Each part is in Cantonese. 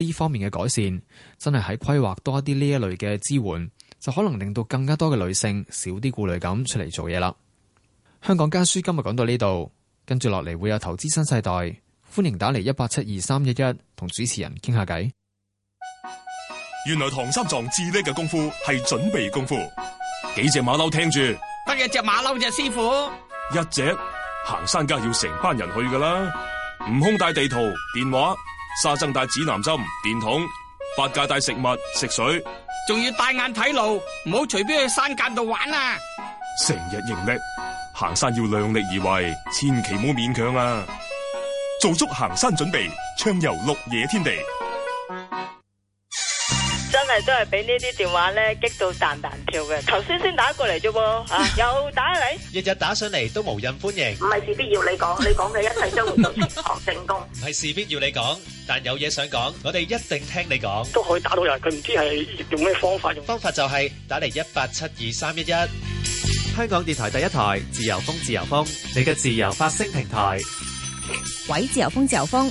呢方面嘅改善真係喺規劃多一啲呢一類嘅支援，就可能令到更加多嘅女性少啲顧慮咁出嚟做嘢啦。香港家書今日講到呢度，跟住落嚟會有投資新世代，歡迎打嚟一八七二三一一同主持人傾下偈。原來唐三藏智叻嘅功夫係準備功夫，幾隻馬騮聽住，得一隻馬騮啫師傅？一隻行山梗係要成班人去噶啦，悟空帶地圖電話。沙僧帶指南針、電筒，八戒帶食物、食水，仲要大眼睇路，唔好隨便去山澗度玩啊！成日盈力行山要量力而為，千祈唔好勉強啊！做足行山準備，暢遊綠野天地。都係俾呢啲電話咧激到彈彈跳嘅，頭先先打過嚟啫喎，又打嚟，日日打上嚟都無人歡迎，唔係事必要你講，你講嘅一切都學成功，唔係事必要你講，但有嘢想講，我哋一定聽你講，都可以打到人，佢唔知係用咩方法，方法就係打嚟一八七二三一一，香港電台第一台自由風自由風，你嘅自由發聲平台，喂自由風自由風。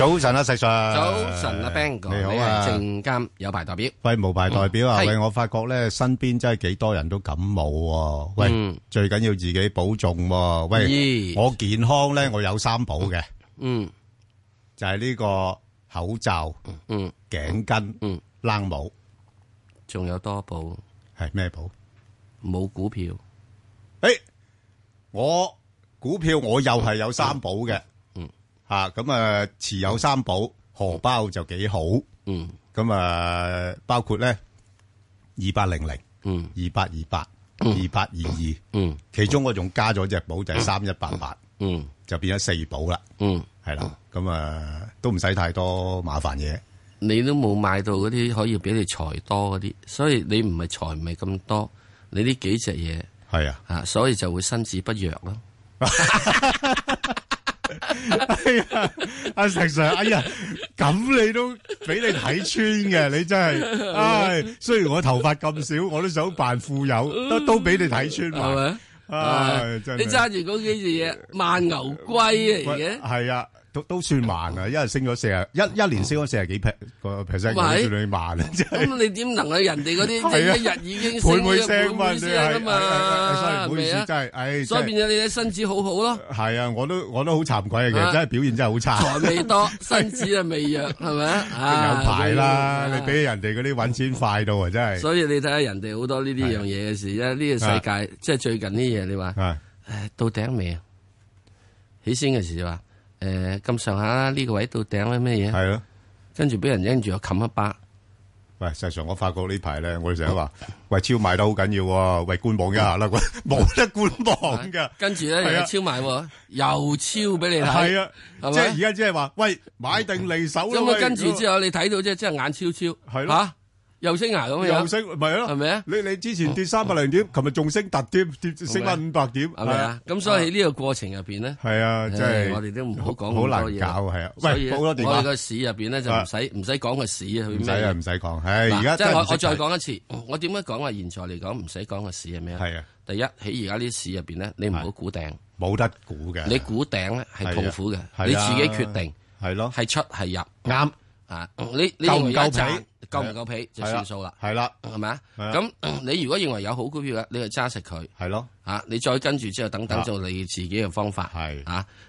早晨啊，石 Sir。早晨啊，Ben 哥。你好啊。證監有牌代表。喂，無牌代表啊！喂，我發覺咧，身邊真係幾多人都感冒。喂，最緊要自己保重喎。喂，我健康咧，我有三寶嘅。嗯。就係呢個口罩。嗯。頸巾。嗯。冷帽。仲有多寶？係咩寶？冇股票。誒，我股票我又係有三寶嘅。啊，咁啊，持有三寶，荷包就幾好。嗯，咁啊，包括咧，二八零零，嗯，二八二八，二八二二，嗯，其中我仲加咗隻寶就係三一八八，嗯，就變咗四寶、嗯、啦，嗯，係啦，咁啊，都唔使太多麻煩嘢。你都冇買到嗰啲可以俾你財多嗰啲，所以你唔係財唔係咁多，你呢幾隻嘢係啊，啊，所以就會身子不弱咯。 哎呀，阿、啊、石 Sir，哎呀，咁你都俾你睇穿嘅，你真係。哎，雖然我頭髮咁少，我都想扮富有，都都俾你睇穿埋。係咪？哎，真係，你揸住嗰幾件嘢，萬牛龜嚟嘅。係啊。都都算慢啊！一日升咗四十一一年升咗四十幾 percent，算你慢啊！咁你點能啊？人哋嗰啲一日已經升咗咁嘅意思啊嘛，係咪啊？真係，所以變咗你嘅身子好好咯。係啊，啊，啊，我都我都好慚愧啊！其實真係表現真係好差，財未多，身子又未弱，係咪、啊、有排啦、啊！你比人哋嗰啲揾錢快到啊！真係。所以你睇下人哋好多呢啲樣嘢嘅事，因為、啊這個世界、啊、即係最近啲嘢，你話、啊、到頂未啊？起先嘅時就話。誒、呃，咁上下呢個位到頂咧咩嘢？係咯、啊，跟住俾人拎住我冚一巴。喂，事實上我發覺呢排咧，我哋成日話喂超買得好緊要喎、啊，喂觀望一下啦，冇 得觀望噶、啊。跟住咧而家超買，又超俾 你睇。係啊，即係而家只係話喂，買定離手咁啊， 跟住之後你睇到即係即係眼超超。係啦、啊啊又升啊，咁樣，係咪啊？你你之前跌三百零點，琴日仲升突跌跌升翻五百點，係咪啊？咁所以喺呢個過程入邊咧，係啊，即係我哋都唔好講咁多嘢，好難搞，係啊。喂，我哋個市入邊咧就唔使唔使講個市啊，佢咩啊？唔使講，係，而家即係我我再講一次，我點解講話現在嚟講唔使講個市係咩啊？係啊，第一喺而家呢啲市入邊咧，你唔好估頂，冇得估嘅。你估頂咧係痛苦嘅，你自己決定係咯，係出係入啱。啊、嗯！你夠唔夠皮？夠唔夠皮就算數啦。係啦，係咪啊？咁 你如果認為有好股票嘅，你去揸實佢。係咯，吓、啊、你再跟住之後等等做你自己嘅方法。係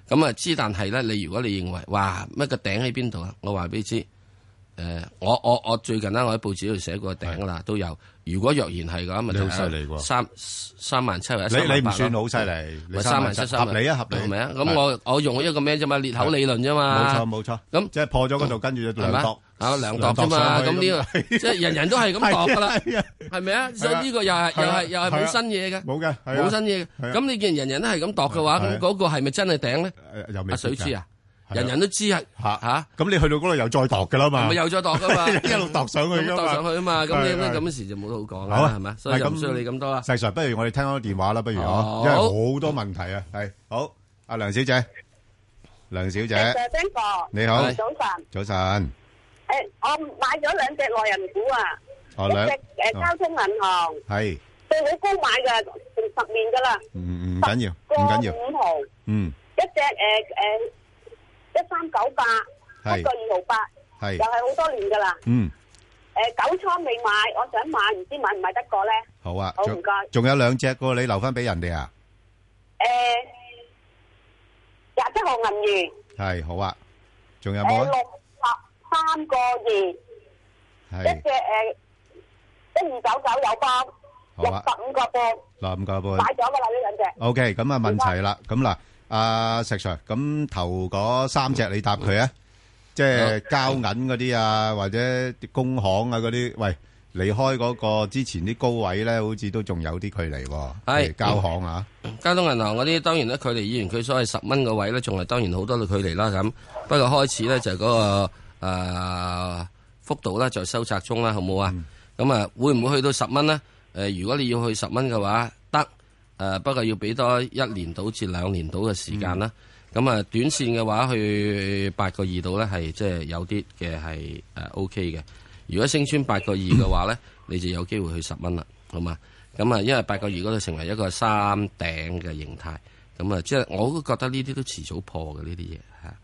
咁啊知。但係咧，你如果你認為哇乜個頂喺邊度啊？我話俾你知，誒、呃，我我我最近咧，我喺報紙度寫過頂啦，都有。如果若然係咁，咪真犀利喎！三三萬七，你你唔算好犀利，咪三萬七三萬。合理啊，合理係咪啊？咁我我用一個咩啫嘛？裂口理論啫嘛！冇錯冇錯。咁即係破咗嗰度，跟住就兩度，係咪兩度啫嘛？咁呢個即係人人都係咁度㗎啦，係咪啊？所以呢個又係又係又係冇新嘢嘅，冇嘅冇新嘢。咁你見人人都係咁度嘅話，咁嗰個係咪真係頂咧？阿水黐啊！人人都知啊吓，咁你去到嗰度又再度噶啦嘛，咪又再度噶嘛，一路度上去，度上去啊嘛，咁你咁時就冇得好講啦，係嘛，所以唔到你咁多啦。石 Sir，不如我哋聽下電話啦，不如嗬，因為好多問題啊。係好，阿梁小姐，梁小姐，你好，早晨，早晨。誒，我買咗兩隻內人股啊，兩隻誒，交通銀行係，好高買嘅成十年噶啦，唔緊要，唔緊要，五毫，嗯，一隻誒誒。三九八，一個二毫八，又係好多年噶啦。嗯，誒，九倉未買，我想買，唔知買唔買得過咧？好啊，好唔該。仲有兩隻個你留翻俾人哋啊？誒，廿七號銀元。係好啊，仲有冇六百三個二，一隻誒一二九九有包，一百五個半，一百五個半，買咗噶啦呢兩隻。O K，咁啊問齊啦，咁嗱。啊，石 Sir，咁頭嗰三隻你答佢啊，即係交銀嗰啲啊，或者工行啊嗰啲，喂，離開嗰個之前啲高位咧，好似都仲有啲距離喎。係交行啊，交通銀行嗰啲當然咧，距離以前佢所謂十蚊個位咧，仲係當然好多嘅距離啦。咁不過開始咧就係嗰個誒幅度咧就收窄中啦，好冇啊？咁啊會唔會去到十蚊咧？誒，如果你要去十蚊嘅話，誒不過要俾多一年到至兩年到嘅時間啦，咁、嗯、啊短線嘅話去八個二度咧係即係有啲嘅係誒 OK 嘅，如果升穿八個二嘅話咧， 你就有機會去十蚊啦，好嘛？咁啊，因為八個二嗰度成為一個三頂嘅形態，咁啊，啊即係我都覺得呢啲都遲早破嘅呢啲嘢嚇，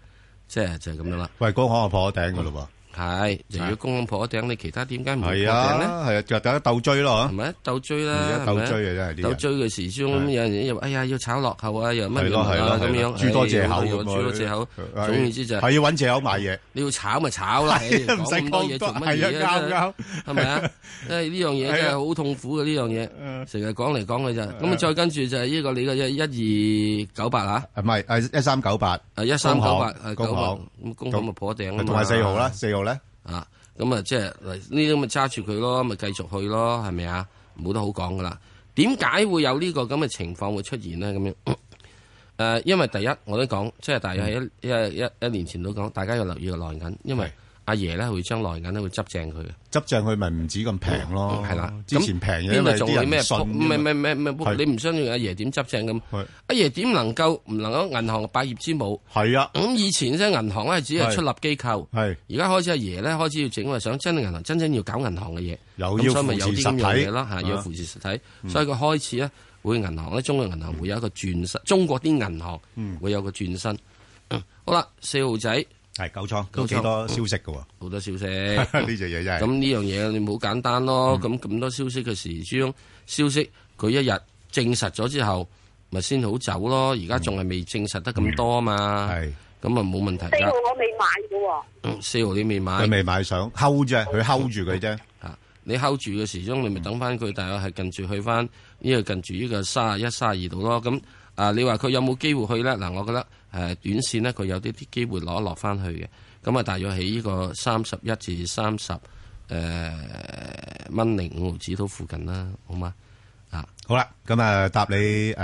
即係就係、是、咁樣啦。喂，鄺生啊破咗頂嘅嘞喎！嗯係，如果工行破頂，你其他點解唔破頂咧？係啊，就大家鬥追咯，嚇，咪鬥追啦，鬥追嘅嘢真係啲。鬥追嘅時候有陣時又，哎呀，要炒落後啊，又乜嘢啊咁樣，諸多藉口，諸多藉口，總之就係，係要揾藉口買嘢，要炒咪炒啦，唔使講多，係一間嘅口，係咪啊？即係呢樣嘢真係好痛苦嘅呢樣嘢，成日講嚟講去就係。咁啊，再跟住就係呢個你嘅一一二九八啊，唔係，係一三九八，啊一三九八，啊工行，咁工行咪破頂，同埋四號啦，四號。啊，咁啊、就是，即係呢啲咪揸住佢咯，咪繼續去咯，係咪啊？冇得好講噶啦，點解會有呢、這個咁嘅情況會出現咧？咁樣，誒、呃，因為第一我都講，即、就、係、是、大約一、嗯、一一年前都講，大家要留意個內銀，因為。阿爺咧會將來緊咧會執正佢嘅，執正佢咪唔止咁平咯？係、嗯、啦，之前平嘅因為仲有咩咩咩咩咩？你唔相信阿爺點執正咁？阿爺點能夠唔能夠銀行百業之母？係啊，咁、嗯、以前咧銀行咧只係出立機構，係而家開始阿爺咧開始要整，係想真正銀行真正要搞銀行嘅嘢，有要扶持實體啦，要扶持實體，所以佢開始咧會銀行咧中國銀行會有一個轉身、嗯，中國啲銀行會有個轉身、嗯。好啦，四號仔。係九倉，都幾多消息嘅喎，好、嗯嗯、多消息。呢隻嘢真係咁呢樣嘢，你冇簡單咯。咁、嗯、咁多消息嘅時鐘，消息佢一日證實咗之後，咪先好走咯。而家仲係未證實得咁多嘛。係咁啊，冇、嗯、問題。四號我未買嘅喎、哦嗯，四號你未買，佢未買上，hold 咧，佢 hold 住佢啫。啊，你 hold 住嘅時鐘，你咪等翻佢，大概係近住去翻呢、嗯、個近住呢個三十一、三十二度咯。咁、嗯啊，你話佢有冇機會去咧？嗱、啊，我覺得誒短線咧，佢有啲啲機會攞一落翻去嘅。咁啊，大約喺呢個三十一至三十誒蚊零五毫紙都附近啦，好嗎？啊，好啦，咁啊，答你誒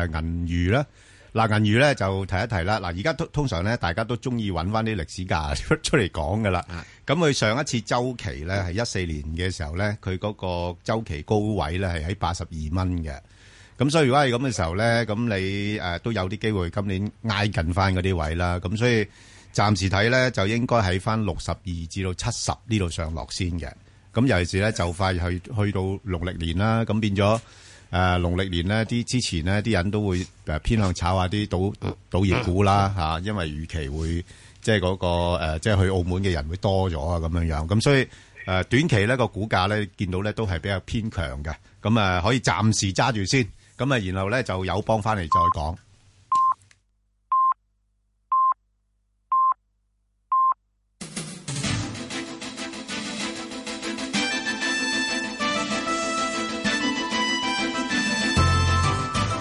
銀娛啦。嗱、呃，銀娛咧、啊、就提一提啦。嗱、啊，而家通通常咧，大家都中意揾翻啲歷史價出嚟講㗎啦。咁佢上一次週期咧係一四年嘅時候咧，佢嗰個週期高位咧係喺八十二蚊嘅。咁所以如果係咁嘅時候咧，咁你誒都有啲機會今年挨近翻嗰啲位啦。咁所以暫時睇咧，就應該喺翻六十二至到七十呢度上落先嘅。咁尤其是咧，就快去去到農曆年啦。咁變咗誒農曆年咧，啲之前咧啲人都會誒偏向炒下啲賭賭業股啦嚇，因為預期會即係嗰個誒，即係去澳門嘅人會多咗啊咁樣樣。咁所以誒短期咧個股價咧見到咧都係比較偏強嘅。咁啊可以暫時揸住先。咁啊，然後咧就有幫翻嚟再講。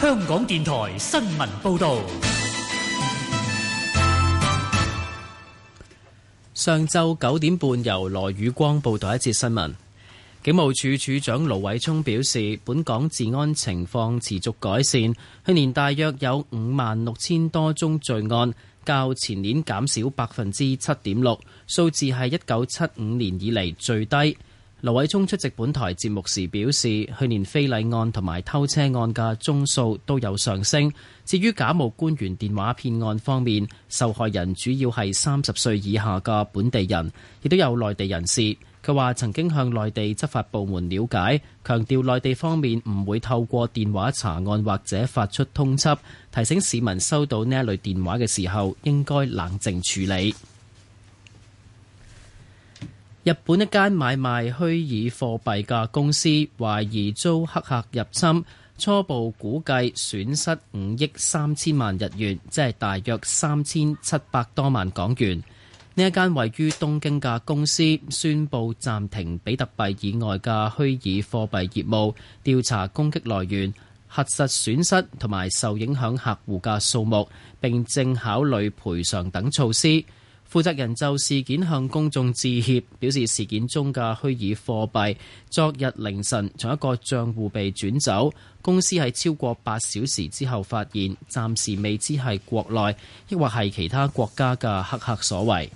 香港電台新聞報道。上晝九點半由羅宇光報道一節新聞。警務處處長盧偉聰表示，本港治安情況持續改善。去年大約有五萬六千多宗罪案，較前年減少百分之七點六，數字係一九七五年以嚟最低。盧偉聰出席本台節目時表示，去年非禮案同埋偷車案嘅宗數都有上升。至於假冒官員電話騙案方面，受害人主要係三十歲以下嘅本地人，亦都有內地人士。佢話曾經向內地執法部門了解，強調內地方面唔會透過電話查案或者發出通緝，提醒市民收到呢一類電話嘅時候應該冷靜處理。日本一間買賣虛擬貨幣嘅公司懷疑遭黑客入侵，初步估計損失五億三千萬日元，即係大約三千七百多萬港元。呢一間位於東京嘅公司宣布暫停比特幣以外嘅虛擬貨幣業務，調查攻擊來源、核實損失同埋受影響客戶嘅數目，並正考慮賠償等措施。負責人就事件向公眾致歉，表示事件中嘅虛擬貨幣昨日凌晨從一個賬戶被轉走，公司喺超過八小時之後發現，暫時未知係國內亦或係其他國家嘅黑客所為。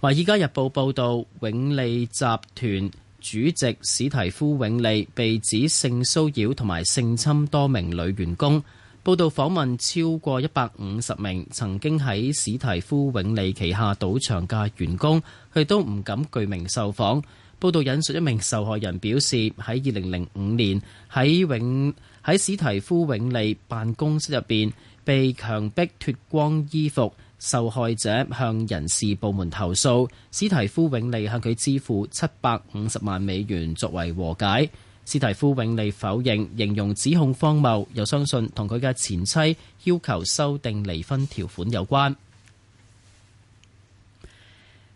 《華爾街日報》報道，永利集團主席史提夫永利被指性騷擾同埋性侵多名女員工。報道訪問超過一百五十名曾經喺史提夫永利旗下賭場嘅員工，佢都唔敢具名受訪。報道引述一名受害人表示，喺二零零五年，喺永喺史提夫永利辦公室入邊被強迫脱光衣服。受害者向人事部門投訴，史提夫永利向佢支付七百五十萬美元作為和解。史提夫永利否認，形容指控荒謬，又相信同佢嘅前妻要求修訂離婚條款有關。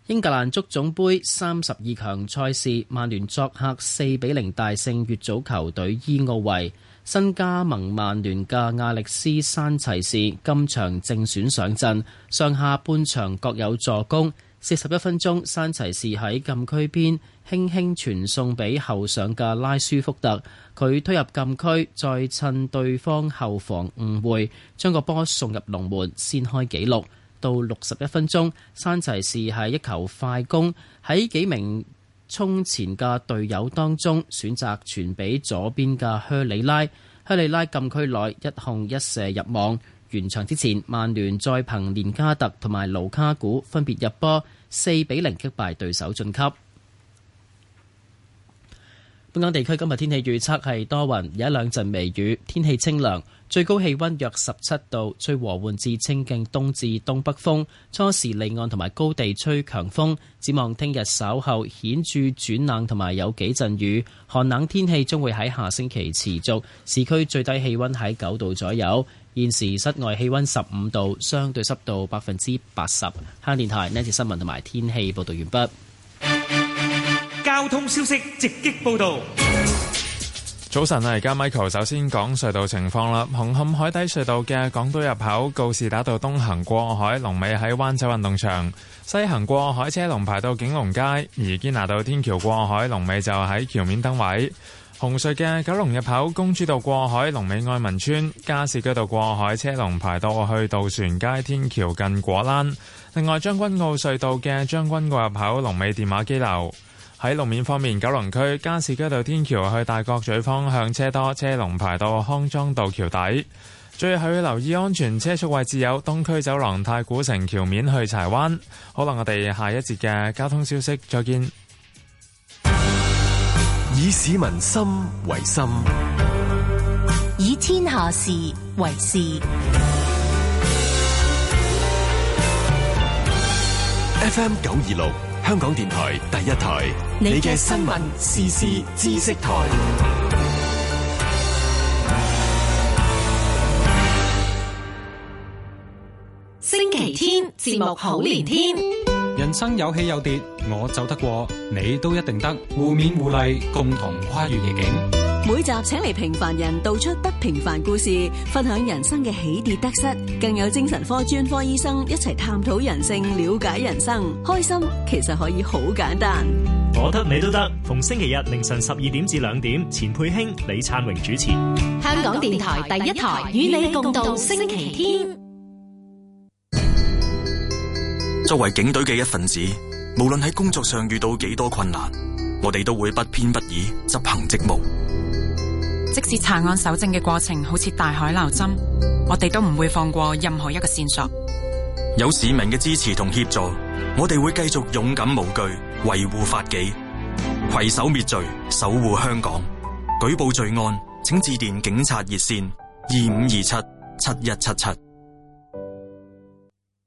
英格蘭足總盃三十二強賽事，曼聯作客四比零大勝乙組球隊伊奧維。新加盟曼聯嘅亞歷斯山齊士今場正選上陣，上下半場各有助攻。四十一分鐘，山齊士喺禁區邊輕輕傳送俾後上嘅拉舒福特，佢推入禁區，再趁對方後防誤會，將個波送入龍門，先開紀錄。到六十一分鐘，山齊士係一球快攻，喺幾名衝前嘅隊友當中，選擇傳俾左邊嘅靴里拉，靴里拉禁區內一控一射入網。完場之前，曼聯再憑連加特同埋盧卡古分別入波，四比零擊敗對手晉級。本港地區今日天氣預測係多雲，有一兩陣微雨，天氣清涼。最高氣溫約十七度，吹和緩至清勁東至東北風，初時離岸同埋高地吹強風。展望聽日稍後顯著轉冷，同埋有幾陣雨。寒冷天氣將會喺下星期持續，市區最低氣溫喺九度左右。現時室外氣溫十五度，相對濕度百分之八十。香港電台呢條新聞同埋天氣報道完畢。交通消息直擊報道。早晨啊！而家 Michael 首先講隧道情況啦。紅磡海底隧道嘅港島入口告士打道東行過海，龍尾喺灣仔運動場；西行過海車龍排到景隆街。而堅拿道天橋過海，龍尾就喺橋面燈位。紅隧嘅九龍入口公主道過海，龍尾愛民村；加士居道過海車龍排到去渡船街天橋近果欄。另外將軍澳隧道嘅將軍澳入口，龍尾電話機樓。喺路面方面，九龍區加士居道天橋去大角咀方向車多，車龍排到康莊道橋底。最後要留意安全車速位置，有東區走廊太古城橋面去柴灣。好啦，我哋下一節嘅交通消息再見。以市民心為心，以天下事為事。F M 九二六。香港電台第一台，你嘅新聞時事知識台。星期天節目好連天，人生有起有跌，我走得過，你都一定得，互勉互勵，共同跨越逆境。每集請嚟平凡人道出不平凡故事，分享人生嘅起跌得失，更有精神科專科醫生一齊探討人性、了解人生。開心其實可以好簡單，我得你都得。逢星期日凌晨十二點至兩點，錢佩卿、李燦榮主持。香港電台第一台與你共度星期天。作為警隊嘅一份子，無論喺工作上遇到幾多困難，我哋都會不偏不倚執行職務。即使查案搜證嘅過程好似大海撈針，我哋都唔會放過任何一個線索。有市民嘅支持同協助，我哋會繼續勇敢無懼，維護法紀，攜手滅罪，守護香港。舉報罪案，請致電警察熱線，二五二七七一七七。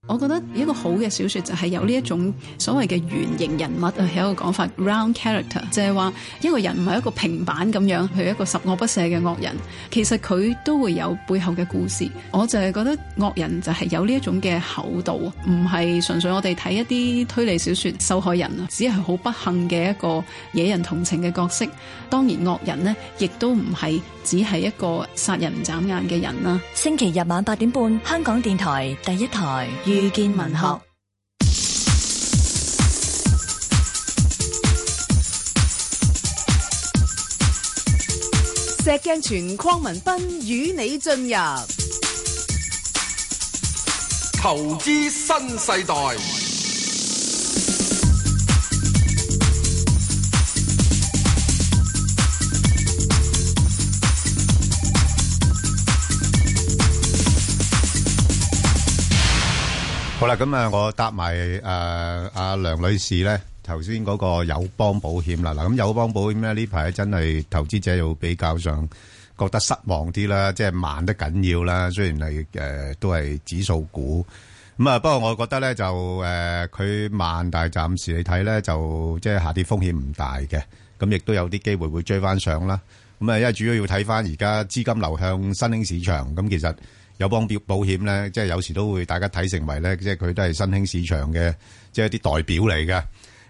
我覺得一個好嘅小說就係有呢一種所謂嘅圓形人物啊，有、嗯、一個講法 round character，就係話一個人唔係一個平板咁樣，譬如一個十惡不赦嘅惡人，其實佢都會有背後嘅故事。我就係覺得惡人就係有呢一種嘅厚度，唔係純粹我哋睇一啲推理小說受害人啊，只係好不幸嘅一個惹人同情嘅角色。當然惡人呢亦都唔係只係一個殺人唔眨眼嘅人啦。星期日晚八點半，香港電台第一台。遇見文學，石鏡泉鄺民彬與你進入投資新世代。好啦，咁啊，我答埋誒，阿梁女士咧，頭先嗰個友邦保險啦，嗱，咁友邦保險咧呢排真係投資者又比較上覺得失望啲啦，即係慢得緊要啦。雖然係誒，都係指數股，咁啊，不過我覺得咧就誒，佢慢，但係暫時你睇咧就即係下跌風險唔大嘅，咁亦都有啲機會會追翻上啦。咁啊，因為主要要睇翻而家資金流向新興市場，咁其實。有邦保險咧，即係有時都會大家睇成為咧，即係佢都係新興市場嘅，即係一啲代表嚟嘅。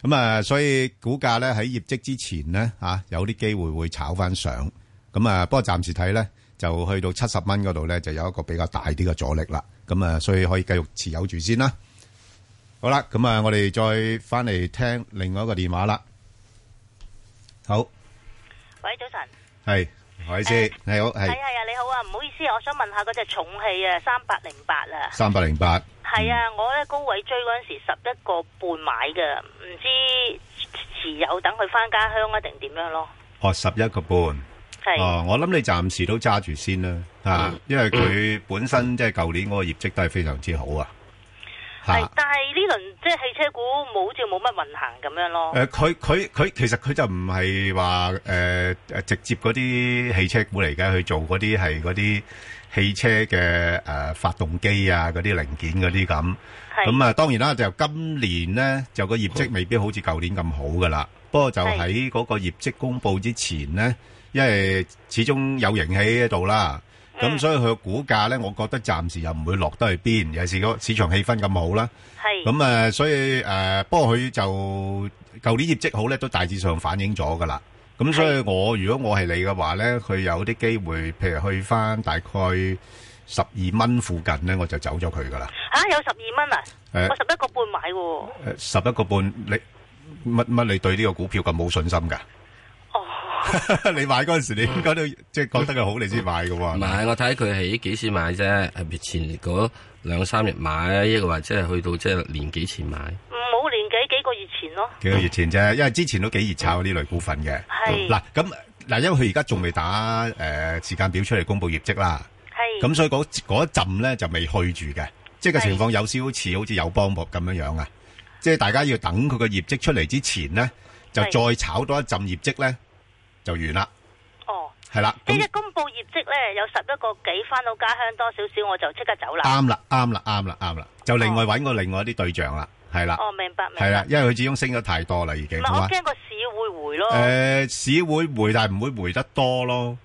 咁啊，所以股價咧喺業績之前咧，啊，有啲機會會炒翻上。咁啊，不過暫時睇咧就去到七十蚊嗰度咧，就有一個比較大啲嘅阻力啦。咁啊，所以可以繼續持有住先啦。好啦，咁啊，我哋再翻嚟聽另外一個電話啦。好，喂，早晨，係。係你好,、欸、好，係係啊，你好啊，唔好意思，我想問下嗰隻、那個、重器啊，三百零八啊。三百零八，係啊，我咧高位追嗰陣時，十一個半買嘅，唔知持有等佢翻家鄉啊，定點樣咯？哦，十一個半，係，哦，我諗你暫時都揸住先啦，啊，嗯、因為佢本身即係舊年嗰個業績都係非常之好啊。係，但係呢輪即係汽車股冇，好似冇乜運行咁樣咯。誒，佢佢佢，其實佢就唔係話誒誒，直接嗰啲汽車股嚟噶，去做嗰啲係嗰啲汽車嘅誒發動機啊，嗰啲零件嗰啲咁。係。咁啊，當然啦，就今年咧就個業績未必好似舊年咁好噶啦。不過就喺嗰個業績公布之前咧，因為始終有人氣喺度啦。咁所以佢個股價咧，我覺得暫時又唔會落得去邊，尤其是個市場氣氛咁好啦。係咁啊，所以誒，不過佢就舊年業績好咧，都大致上反映咗噶啦。咁所以我如果我係你嘅話咧，佢有啲機會，譬如去翻大概十二蚊附近咧，我就走咗佢噶啦。吓，有十二蚊啊？誒，我十一個半買喎。誒，十一個半，你乜乜你對呢個股票咁冇信心噶？ 你買嗰陣時，你應該都即係覺得佢、嗯、好，你先買嘅喎。唔係我睇佢係幾時買啫？係咪前嗰兩三日買，一個話即係去到即係年幾前買，唔冇年幾幾個月前咯？幾個月前啫，因為之前都幾熱炒呢、嗯、類股份嘅。係嗱咁嗱，因為佢而家仲未打誒、呃、時間表出嚟公布業績啦。係咁，所以嗰嗰一陣咧就未去住嘅，即係個情況有少少似好似有幫博咁樣樣啊。即係大家要等佢個業績出嚟之前咧，就再炒多一陣業績咧。就完啦。哦，係啦。即係公布業績咧，有十一個幾翻到家鄉多少少，我就即刻走啦。啱啦，啱啦，啱啦，啱啦。就另外搵個另外一啲對象啦，係啦。哦，明白，明白。係啦，因為佢始終升咗太多啦，已經。嗱，我驚個市會回咯。誒，市會回，但係唔會回得多咯。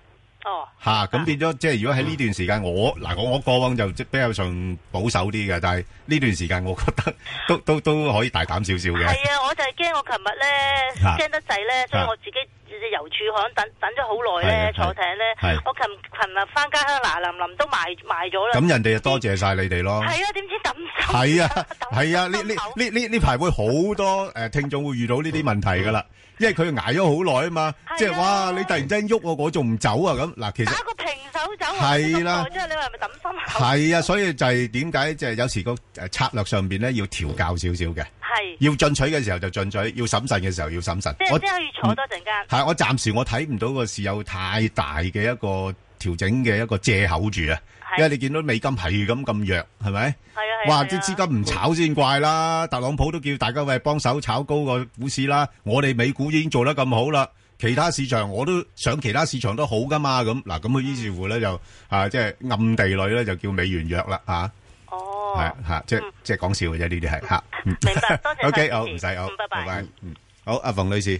哦。吓，咁變咗，即係如果喺呢段時間，我嗱我我過往就比較上保守啲嘅，但係呢段時間我覺得都都都可以大膽少少嘅。係啊，我就係驚我琴日咧驚得滯咧，所以我自己。係油柱海等等咗好耐咧，坐艇咧、啊啊，我琴琴日翻家鄉嗱林林都賣賣咗啦。咁人哋就多謝晒你哋咯。係啊，點知抌晒？係啊，係啊，呢呢呢呢呢排會好多誒、 呃，聽眾會遇到呢啲問題噶啦。 因為佢挨咗好耐啊嘛，即係哇！你突然間喐我，我仲唔走啊咁嗱，其實打個平手走係啦，即係你話係咪抌心口？係啊，所以就係點解即係有時個誒策略上邊咧要調校少少嘅，係要進取嘅時候就進取，要審慎嘅時候要審慎。即係即係要坐多陣間。係我暫時我睇唔到個市有太大嘅一個調整嘅一個借口住啊。因為你見到美金係咁咁弱，係咪？係啊係。哇！啲資金唔炒先怪啦，特朗普都叫大家喂，幫手炒高個股市啦。我哋美股已經做得咁好啦，其他市場我都想其他市場都好噶嘛。咁嗱，咁佢於是乎咧就啊，即係暗地裏咧就叫美元弱啦啊。哦，係啊，即係即係講笑嘅啫，呢啲係吓。明白，多謝女士。O K，好，唔使好，拜拜，嗯，好，阿馮女士。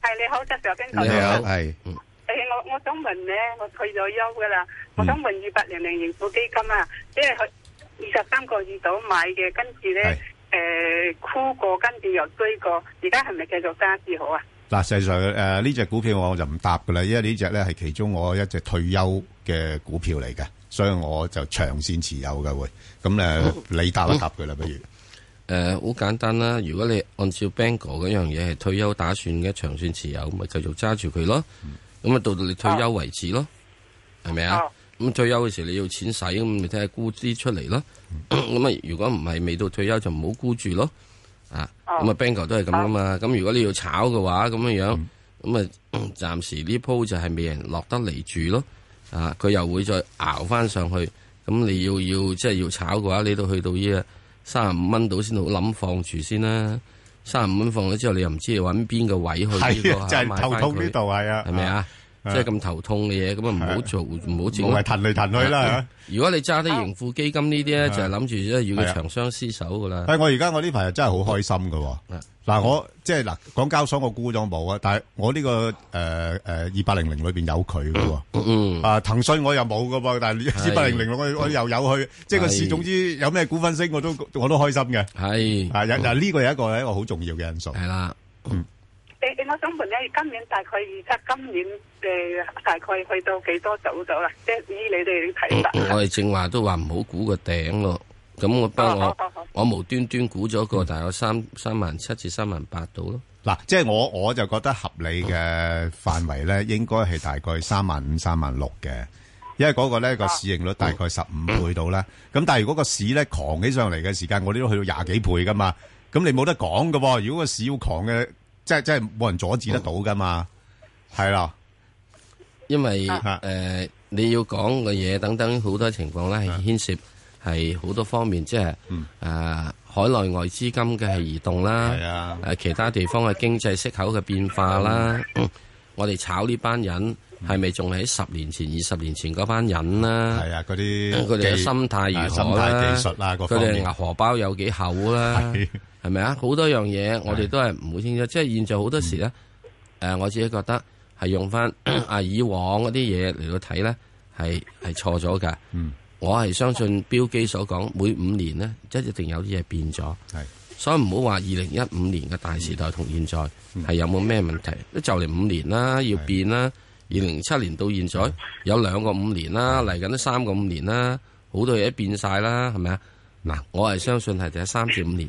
係，你好，吉祥金融。你好，係。我想問咧，我退咗休噶啦，我想問二百零零盈富基金啊，即係佢二十三個月度買嘅，跟住咧誒，箍、呃、過跟住又追過，而家係咪繼續揸至好啊？嗱，事實上誒，呢隻股票我就唔答噶啦，因為這隻呢隻咧係其中我一隻退休嘅股票嚟嘅，所以我就長線持有嘅會咁誒、呃，你答一答佢啦，不如誒好、呃、簡單啦，如果你按照 Banker 嗰樣嘢係退休打算嘅長線持有，咪繼續揸住佢咯。嗯咁啊，到到你退休為止咯，係咪啊？咁退休嘅時候你要錢使，咁咪睇下沽啲出嚟咯。咁、嗯、啊，如果唔係未到退休就唔好沽住咯。啊，咁啊 Bank 都係咁噶嘛。咁、啊啊、如果你要炒嘅話，咁嘅樣，咁、嗯、啊，暫時呢鋪就係未人落得嚟住咯。啊，佢又會再熬翻上去。咁你要要即係、就是、要炒嘅話，你都去到呢啊三十五蚊度先好諗放住先啦。三十五蚊放咗之後，你又唔知揾邊個位去、這個，係啊，啊就係、是、頭痛呢度，係啊，係咪啊？啊啊、即係咁頭痛嘅嘢，咁啊唔好做，唔、啊、好做。冇係騰嚟騰去啦、啊啊、如果你揸啲盈富基金呢啲咧，就係諗住要佢長相廝守噶啦、啊。係、啊、我而家我呢排真係好開心噶。嗱，我即係嗱，港交所我估咗冇啊，但係我呢個誒誒二八零零裏邊有佢嘅。嗯。啊，騰訊我又冇㗎噃，但係二八零零我我又有佢。即係、啊就是、個市，總之有咩股份升，我都我都開心嘅。係、啊。啊，嗱，呢、嗯這個係一個一個好重要嘅因素。係啦、啊。嗯我想問咧，今年大概預測今年、呃、大概去到幾多走咗啦？即係以你哋睇法，嗯、我哋正話都話唔好估個頂咯。咁我幫我，我無端端估咗個，大概三三萬七至三萬八到咯。嗱，即係我我就覺得合理嘅範圍咧，應該係大概三萬五、三萬六嘅。因為嗰個咧個市盈率大概十五倍到啦。咁、啊嗯、但係如果個市咧狂起上嚟嘅時間，我哋都去到廿幾倍噶嘛。咁你冇得講噶。如果個市要狂嘅。即係即係冇人阻止得到噶嘛，係啦，因為誒、啊呃、你要講嘅嘢等等好多情況咧，係牽涉係好多方面，即係誒、嗯啊、海內外資金嘅係移動啦，誒、嗯、其他地方嘅經濟息口嘅變化啦，嗯、我哋炒呢班人係咪仲係喺十年前、嗯、二十年前嗰班人啦？係啊，嗰啲佢哋嘅心態如何啦？佢哋荷包有幾厚啦？係咪啊？好多樣嘢，我哋都係唔會清楚。是即係現在好多時咧，誒、嗯呃，我自己覺得係用翻啊以往嗰啲嘢嚟到睇咧，係係錯咗嘅。嗯，我係相信標基所講，每五年咧，即係一定有啲嘢變咗。係，所以唔好話二零一五年嘅大時代同現在係有冇咩問題？就嚟五年啦，要變啦。二零七年到現在有兩個五年啦，嚟緊都三個五年啦，好多嘢變晒啦，係咪啊？嗱，我係相信係第三至五年。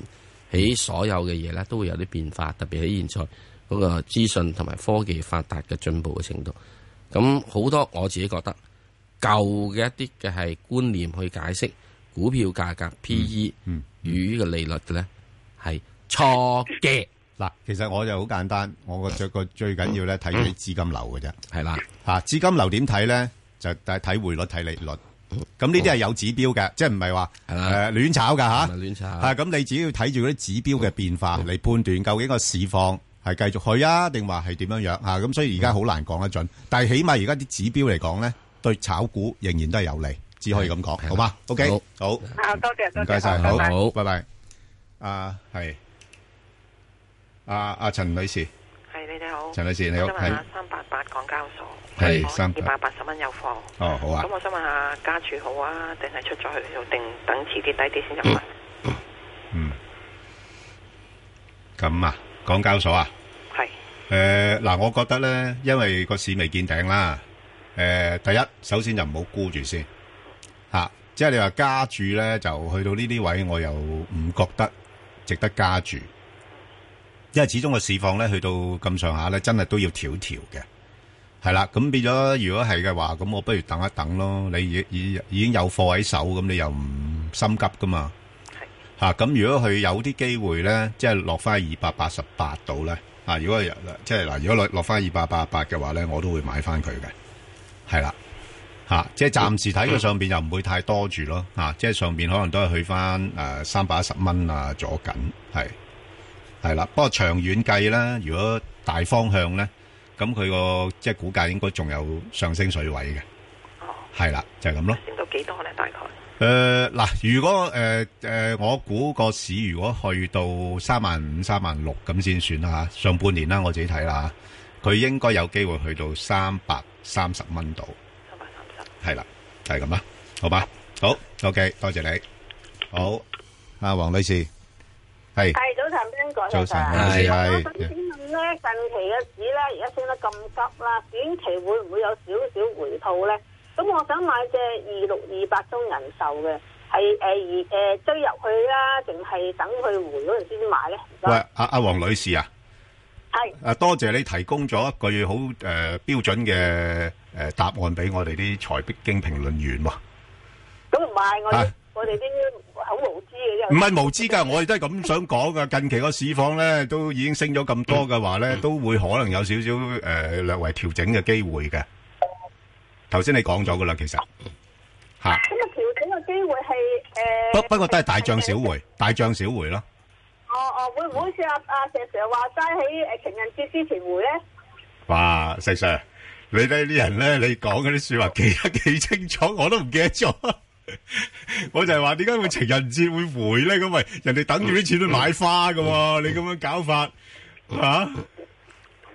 喺所有嘅嘢咧，都會有啲變化，特別喺現在嗰個資訊同埋科技發達嘅進步嘅程度。咁好多我自己覺得舊嘅一啲嘅係觀念去解釋股票價格 P/E 與呢個利率嘅咧係錯嘅。嗱，其實我就好簡單，我個着個最緊要咧睇啲資金流嘅啫，係啦，嚇資金流點睇咧？就睇睇匯率睇利率。咁呢啲係有指標嘅，即係唔係話誒亂炒噶吓，係咁你只要睇住嗰啲指標嘅變化嚟判斷究竟個市況係繼續去啊，定話係點樣樣吓？咁所以而家好難講得準，但係起碼而家啲指標嚟講咧，對炒股仍然都係有利，只可以咁講，好嗎？OK，好，多謝，多謝晒，好，好，拜拜。啊，係，阿阿陳女士，係你哋好，陳女士你好，三八八港交所。係二百八十蚊有貨哦，好啊。咁我想問下，加注好啊，定係出咗去，定等遲啲低啲先入啊？嗯，咁啊，港交所啊，係誒嗱，我覺得咧，因為個市未見頂啦。誒、呃，第一，首先就唔好沽住先吓，即係你話加注咧，就去到呢啲位，我又唔覺得值得加注。因為始終個市況咧，去到咁上下咧，真係都要調調嘅。係啦，咁變咗，如果係嘅話，咁我不如等一等咯。你已已已經有貨喺手，咁你又唔心急噶嘛？吓、啊，咁如果佢有啲機會咧，即係落翻二百八十八度咧，如果即係嗱，如果落落翻二百八十八嘅話咧，我都會買翻佢嘅，係啦，吓、啊，即係暫時睇佢上邊又唔會太多住咯，啊、即係上邊可能都係去翻誒三百一十蚊啊，左近，係係啦，不過長遠計咧，如果大方向咧。咁佢個即係股價應該仲有上升水位嘅，係、哦、啦，就係、是、咁咯。升到幾多咧？大概？誒、呃，嗱，如果誒誒、呃呃，我估個市如果去到三萬五、三萬六咁先算啦吓，上半年啦，我自己睇啦吓，佢應該有機會去到三百三十蚊度。三百三十，係啦，就係咁啦，好吧，好，OK，多謝你，好，阿、啊、黃女士。係，早晨，Ben 哥，早晨，係。我想問咧，近期嘅市咧，而家升得咁急啦，短期會唔會有少少回吐咧？咁我想買隻二六二八中人壽嘅，係、呃、而誒、呃、追入去啦，定係等佢回嗰陣先買咧？喂，阿、啊、阿黃女士啊，係。誒、啊，多謝你提供咗一句好誒、呃、標準嘅誒答案俾我哋啲財經評論員喎。咁唔係我咧、啊。我哋啲好無知嘅啫，唔係無知㗎，我哋都係咁想講嘅。近期個市況咧都已經升咗咁多嘅話咧，都會可能有少少誒略為調整嘅機會嘅。頭先你講咗㗎啦，其實嚇。咁啊，調整嘅機會係誒不不過都係大漲小回，大漲小回咯。哦哦，會唔會似阿阿石 Sir 話齋喺誒情人節之前回咧？哇！石 Sir，你呢啲人咧，你講嗰啲説話記得幾清楚，我都唔記得咗。 我就係話點解會情人節會回咧？咁喂，人哋等住啲錢去買花噶喎，你咁樣搞法、啊、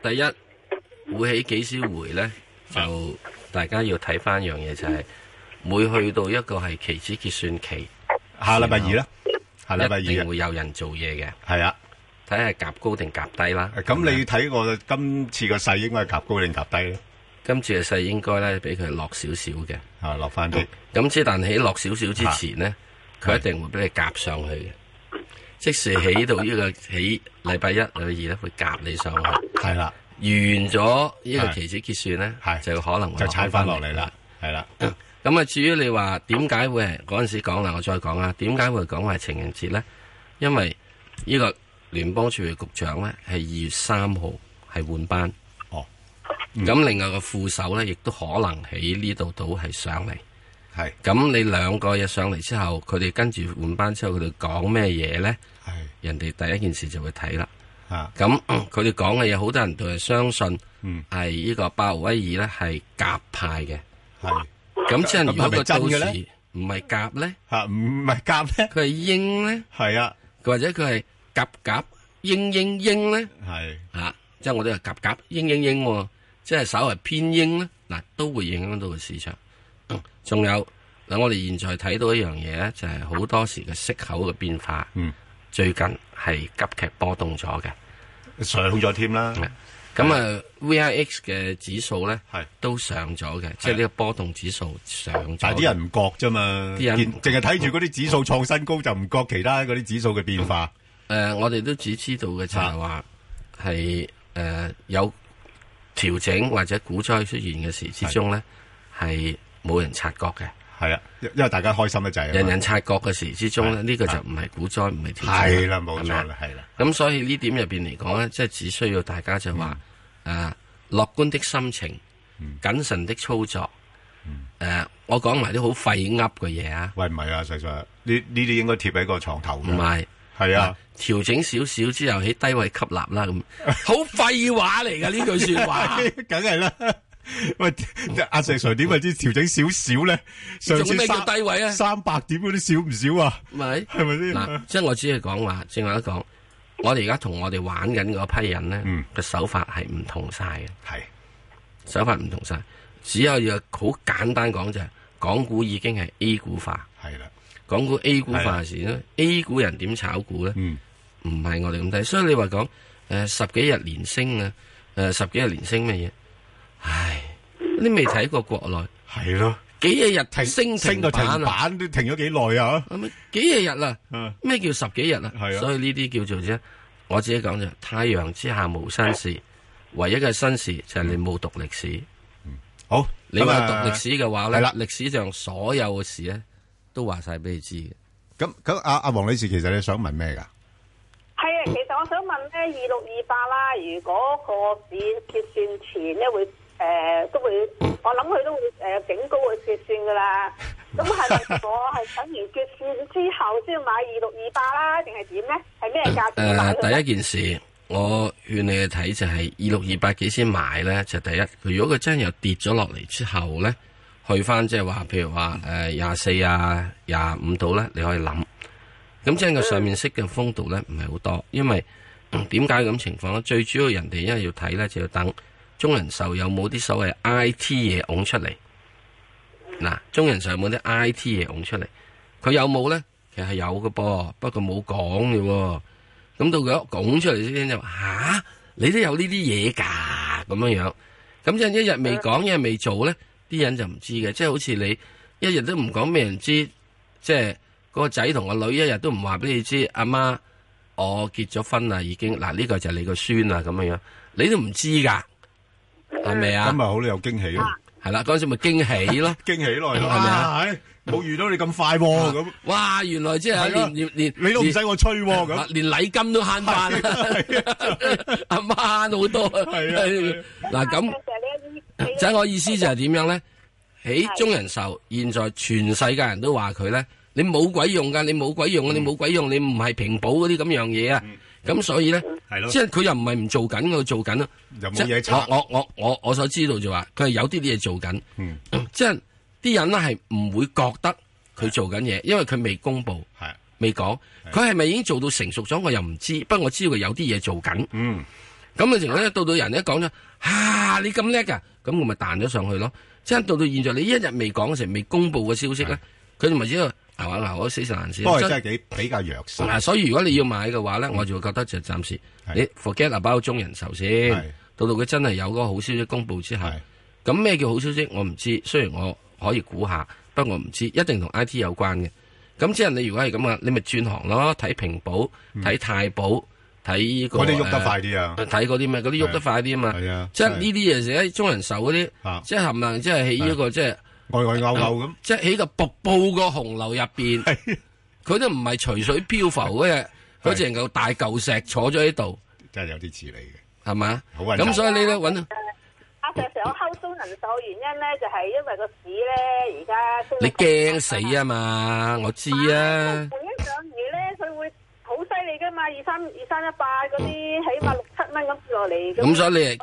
第一會起幾時回咧？就大家要睇翻樣嘢、就是，就係每去到一個係期指結算期，下禮拜二啦，下禮拜二一定會有人做嘢嘅，係啊，睇下夾高定夾低啦。咁你睇我今次個勢應該係夾高定夾低咧？今次嘅勢應該咧，俾佢落少少嘅，啊落翻到。咁之但喺落少少之前咧，佢一定會俾你夾上去嘅。即時起到呢、這個 起禮拜一、禮拜二咧，會夾你上去。係啦，完咗呢個期指結算咧，係就可能會就踩翻落嚟啦。係啦。咁、嗯、啊，至於你話點解會係嗰陣時講啦，我再講啦。點解會講話情人節咧？因為呢個聯邦儲備局長咧係二月三號係換班。咁、嗯、另外個副手咧，亦都可能喺呢度度係上嚟，係。咁你兩個嘢上嚟之後，佢哋跟住換班之後，佢哋講咩嘢咧？係。人哋第一件事就會睇啦。吓。咁佢哋講嘅嘢，好、嗯、多人都係相信，係、嗯、係、哎這個、呢個鮑威爾咧係鴿派嘅，係。咁即係如果個到時唔係鴿咧，吓唔係鴿咧，佢係鷹咧？係啊，或者佢係鴿鴿鷹鷹鷹咧？係、啊。吓，即係我哋係鴿鴿鷹鷹鷹喎。即係稍為偏鷹咧，嗱都會影響到個市場。仲、嗯、有嗱，我哋現在睇到一樣嘢咧，就係、是、好多時嘅息口嘅變化，嗯、最近係急劇波動咗嘅，上咗添啦。咁啊，VIX 嘅指數咧，係都上咗嘅，即係呢個波動指數上咗。但係啲人唔覺啫嘛，人淨係睇住嗰啲指數創新高就唔覺其他嗰啲指數嘅變化。誒、嗯，uh, 我哋、uh, 都只知道嘅就係話係誒有。調整或者股災出現嘅時之中咧，係冇人察覺嘅。係啊，因為大家開心嘅就係人人察覺嘅時之中咧，呢個就唔係股災，唔係調整。係啦，冇錯啦，係啦。咁所以點面來呢點入邊嚟講咧，即係只需要大家就話誒，樂、嗯啊、觀的心情，謹、嗯、慎的操作。誒、啊，我講埋啲好廢噏嘅嘢啊。喂，唔係啊，實在，呢呢啲應該貼喺個床頭嘅。唔係。係啊，調整少少之後喺低位吸納啦咁。好 廢話嚟噶呢句說話，梗係啦。喂，阿、啊啊、石 Sir 點為之調整少少咧、嗯？上咩叫低位啊？三百點嗰啲少唔少啊？係係、啊，係咪先？即係我只係講話，正話講，我哋而家同我哋玩緊嗰批人咧，嘅、嗯、手法係唔同晒嘅。係手法唔同晒，只有要好簡單講就係、是，港股已經係 A 股化。係啦、啊。港股 A 股化事咧，A 股人點炒股咧？唔、嗯、係我哋咁睇，所以你話講誒十幾日連升啊，誒、呃、十幾日連升乜嘢？唉，你未睇過國內係咯？幾日日停板升停板都停咗幾耐啊？吓，幾日日啦？咩叫十幾日啊？啊所以呢啲叫做啫，我自己講就太陽之下無新事，唯一嘅新事就係你冇讀歷史、嗯。好，你，你讀歷話讀歷史嘅話咧，歷、嗯啊、史上所有嘅事咧。都話晒俾你知。咁咁阿阿黃女士，其實你想問咩噶？係啊，其實我想問咧，二六二八啦，如果個市結算前咧會誒、呃、都會，我諗佢都會誒整、呃、高個結算噶啦。咁係咪我係等完結算之後先買二六二八啦，定係點咧？係咩價值？誒、呃呃，第一件事，我勸你去睇就係二六二八幾先買咧，就是、第一。佢如果佢真係又跌咗落嚟之後咧。去翻即係話，譬如話誒廿四啊廿五度咧，你可以諗咁。即係個上面識嘅風度咧，唔係好多，因為點解咁情況咧？最主要人哋因為要睇咧，就要等中人壽有冇啲所謂 I T 嘢拱出嚟嗱、啊，中人壽有冇啲 I T 嘢拱出嚟？佢有冇咧？其實係有㗎噃，不過冇講嘅。咁到佢拱出嚟先聽就吓、啊，你都有呢啲嘢噶咁樣樣。咁即係一日未講，一日未做咧。啲人就唔知嘅，即係好似你一日都唔講俾人知，即係個仔同個女一日都唔話俾你知，阿媽我結咗婚啦，已經嗱呢個就係你個孫啦咁樣樣，你都唔知噶係咪啊？咁咪好你有驚喜咯，係啦嗰陣時咪驚喜咯，驚 喜咯係咪冇遇到你咁快喎咁。哇！原來即係連連你都唔使我催喎咁，連禮金都慳翻，阿媽慳好多係啊！嗱咁就係我意思就係點樣咧？喺中人壽現在全世界人都話佢咧，你冇鬼用噶，你冇鬼用啊、嗯，你冇鬼用，你唔係平保嗰啲咁樣嘢啊。咁、嗯嗯、所以咧，即係佢又唔係唔做緊，佢做緊有冇嘢，即，插？我我我我我所知道就話、是，佢係有啲嘢做緊、嗯嗯。即係啲人咧係唔會覺得佢做緊嘢，因為佢未公布，係未講。佢係咪已經做到成熟咗，我又唔知。不過我知道佢有啲嘢做緊。嗯。咁嘅情況咧，到到人一講咗，嚇、啊、你咁叻㗎，咁我咪彈咗上去咯。即係到到現在，你一日未講嘅時候，未公布嘅消息咧，佢就咪知道，為係嘛嗱，我先食飯先。真係幾比較弱勢。嗱，所以如果你要買嘅話咧、嗯，我就覺得就暫時你 forget 嗱包中人壽先。到到佢真係有個個好消息公布之後，咁咩叫好消息？我唔知。雖然我可以估下，不過唔知一定同 IT 有關嘅。咁即係你如果係咁嘅，你咪轉行咯，睇平保，睇太保。嗯睇嗰啲喐得快啲啊！睇嗰啲咩？嗰啲喐得快啲啊嘛！即係呢啲嘢成日中人壽嗰啲，即係冚唪唥即係起一個即係外外勾漏咁，即係喺個瀑布個洪流入邊，佢、啊、都唔係隨水漂浮嗰隻，好似、啊、大嚿石坐咗喺度，真係有啲似你嘅，係嘛？好啊！咁所以你咧揾阿石石我摳中人壽嘅原因咧，就係因為個市咧而家你驚死啊嘛！嗯、啊我知啊。嚟噶嘛？二三二三一八嗰啲，起碼六七蚊咁跌落嚟。咁所以你係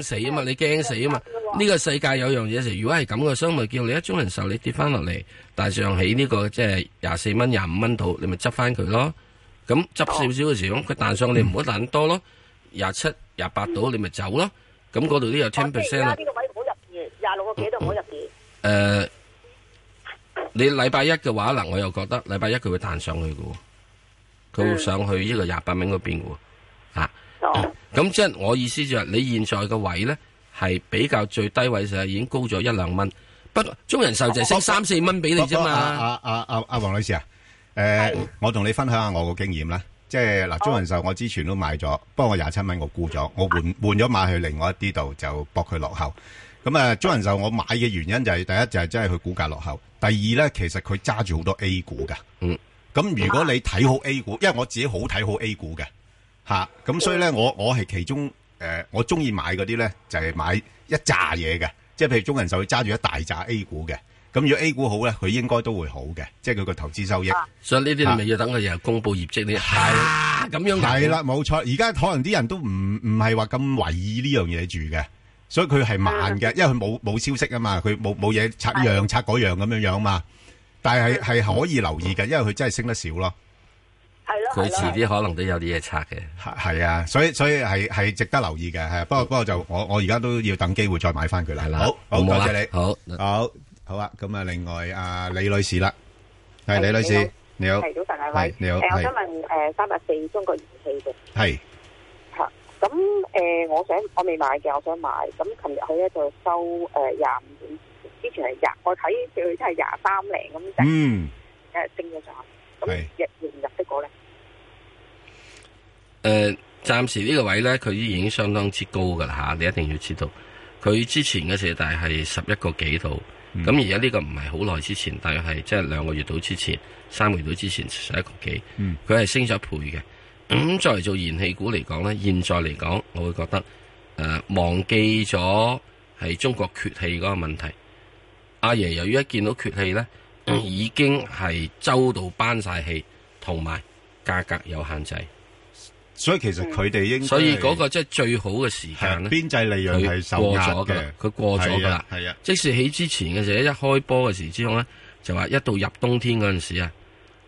驚死啊嘛？你驚死啊嘛？呢個世界有樣嘢，就如果係咁嘅，所以叫你一種人受你跌翻落嚟，彈上起呢個即係廿四蚊、廿五蚊度，你咪執翻佢咯。咁執少少嘅時候，佢彈上你唔好彈多咯。廿七、廿八度你咪走咯。咁嗰度都有十 percent 啦。即係呢個位唔好入嘅，廿六個幾都唔好入嘅。誒，你禮拜一嘅話嗱，我又覺得禮拜一佢會彈上去嘅。佢會上去呢個廿八蚊嗰邊喎，吓、啊，咁、嗯、即係我意思就係你現在嘅位咧係比較最低位，就係已經高咗一兩蚊。不過中人壽就升三四蚊俾你啫、啊、嘛。阿啊啊阿、啊啊啊啊啊、王女士啊，誒、呃，我同你分享下我個經驗啦。即係嗱，中人壽我之前都買咗，不過我廿七蚊我沽咗，我換換咗買去另外一啲度就搏佢落後。咁啊，中人壽我買嘅原因就係、是、第一就係真係佢股價落後，第二咧其實佢揸住好多 A 股噶，嗯。咁如果你睇好 A 股，因為我自己好睇好 A 股嘅，吓、啊、咁所以咧，我我係其中，誒、呃，我中意買嗰啲咧就係、是、買一紮嘢嘅，即係譬如中銀就會揸住一大扎 A 股嘅，咁如果 A 股好咧，佢應該都會好嘅，即係佢個投資收益。所以呢啲咪要等佢日後公布業績咧。係咁樣。係啦，冇錯。而家可能啲人都唔唔係話咁懷疑呢樣嘢住嘅，所以佢係、啊就是、慢嘅、啊，因為佢冇冇消息啊嘛，佢冇冇嘢拆呢樣拆嗰樣咁樣樣啊嘛。但係係可以留意嘅，因為佢真係升得少咯。係咯，佢遲啲可能都有啲嘢拆嘅。係係啊，所以所以係係值得留意嘅。係，不過不過就我我而家都要等機會再買翻佢啦。係啦，好多謝,謝你。好，好好,好啊。咁啊，另外啊李女士啦，係李女士，你好。係早晨，係你好,你好,你好,你好、呃。我想問，誒，三百四中國燃氣嘅係。吓，咁誒、啊呃，我想我未買嘅，我想買。咁琴日佢咧就收誒廿五點之前係廿，我睇佢真係廿三零咁，嗯，誒，升咗咋，咁入唔入得過咧？誒、呃，暫時呢個位咧，佢已經相當之高噶啦吓，你一定要知道，佢之前嘅時大係十一個幾度，咁、嗯、而家呢個唔係好耐之前，大約係即係兩個月到之前、三個月到之前十一個幾，佢、嗯、係升咗一倍嘅。咁、嗯、再做燃氣股嚟講咧，現在嚟講，我會覺得誒、呃，忘記咗係中國缺氣嗰個問題。阿爺由於一見到缺氣咧，已經係周到班晒氣，同埋價格有限制，所以其實佢哋應該所以嗰個即係最好嘅時間咧，邊際利潤係受壓嘅，佢過咗噶啦，係啊，即使起之前嘅時候，一開波嘅時之後咧，就話一到入冬天嗰陣時啊，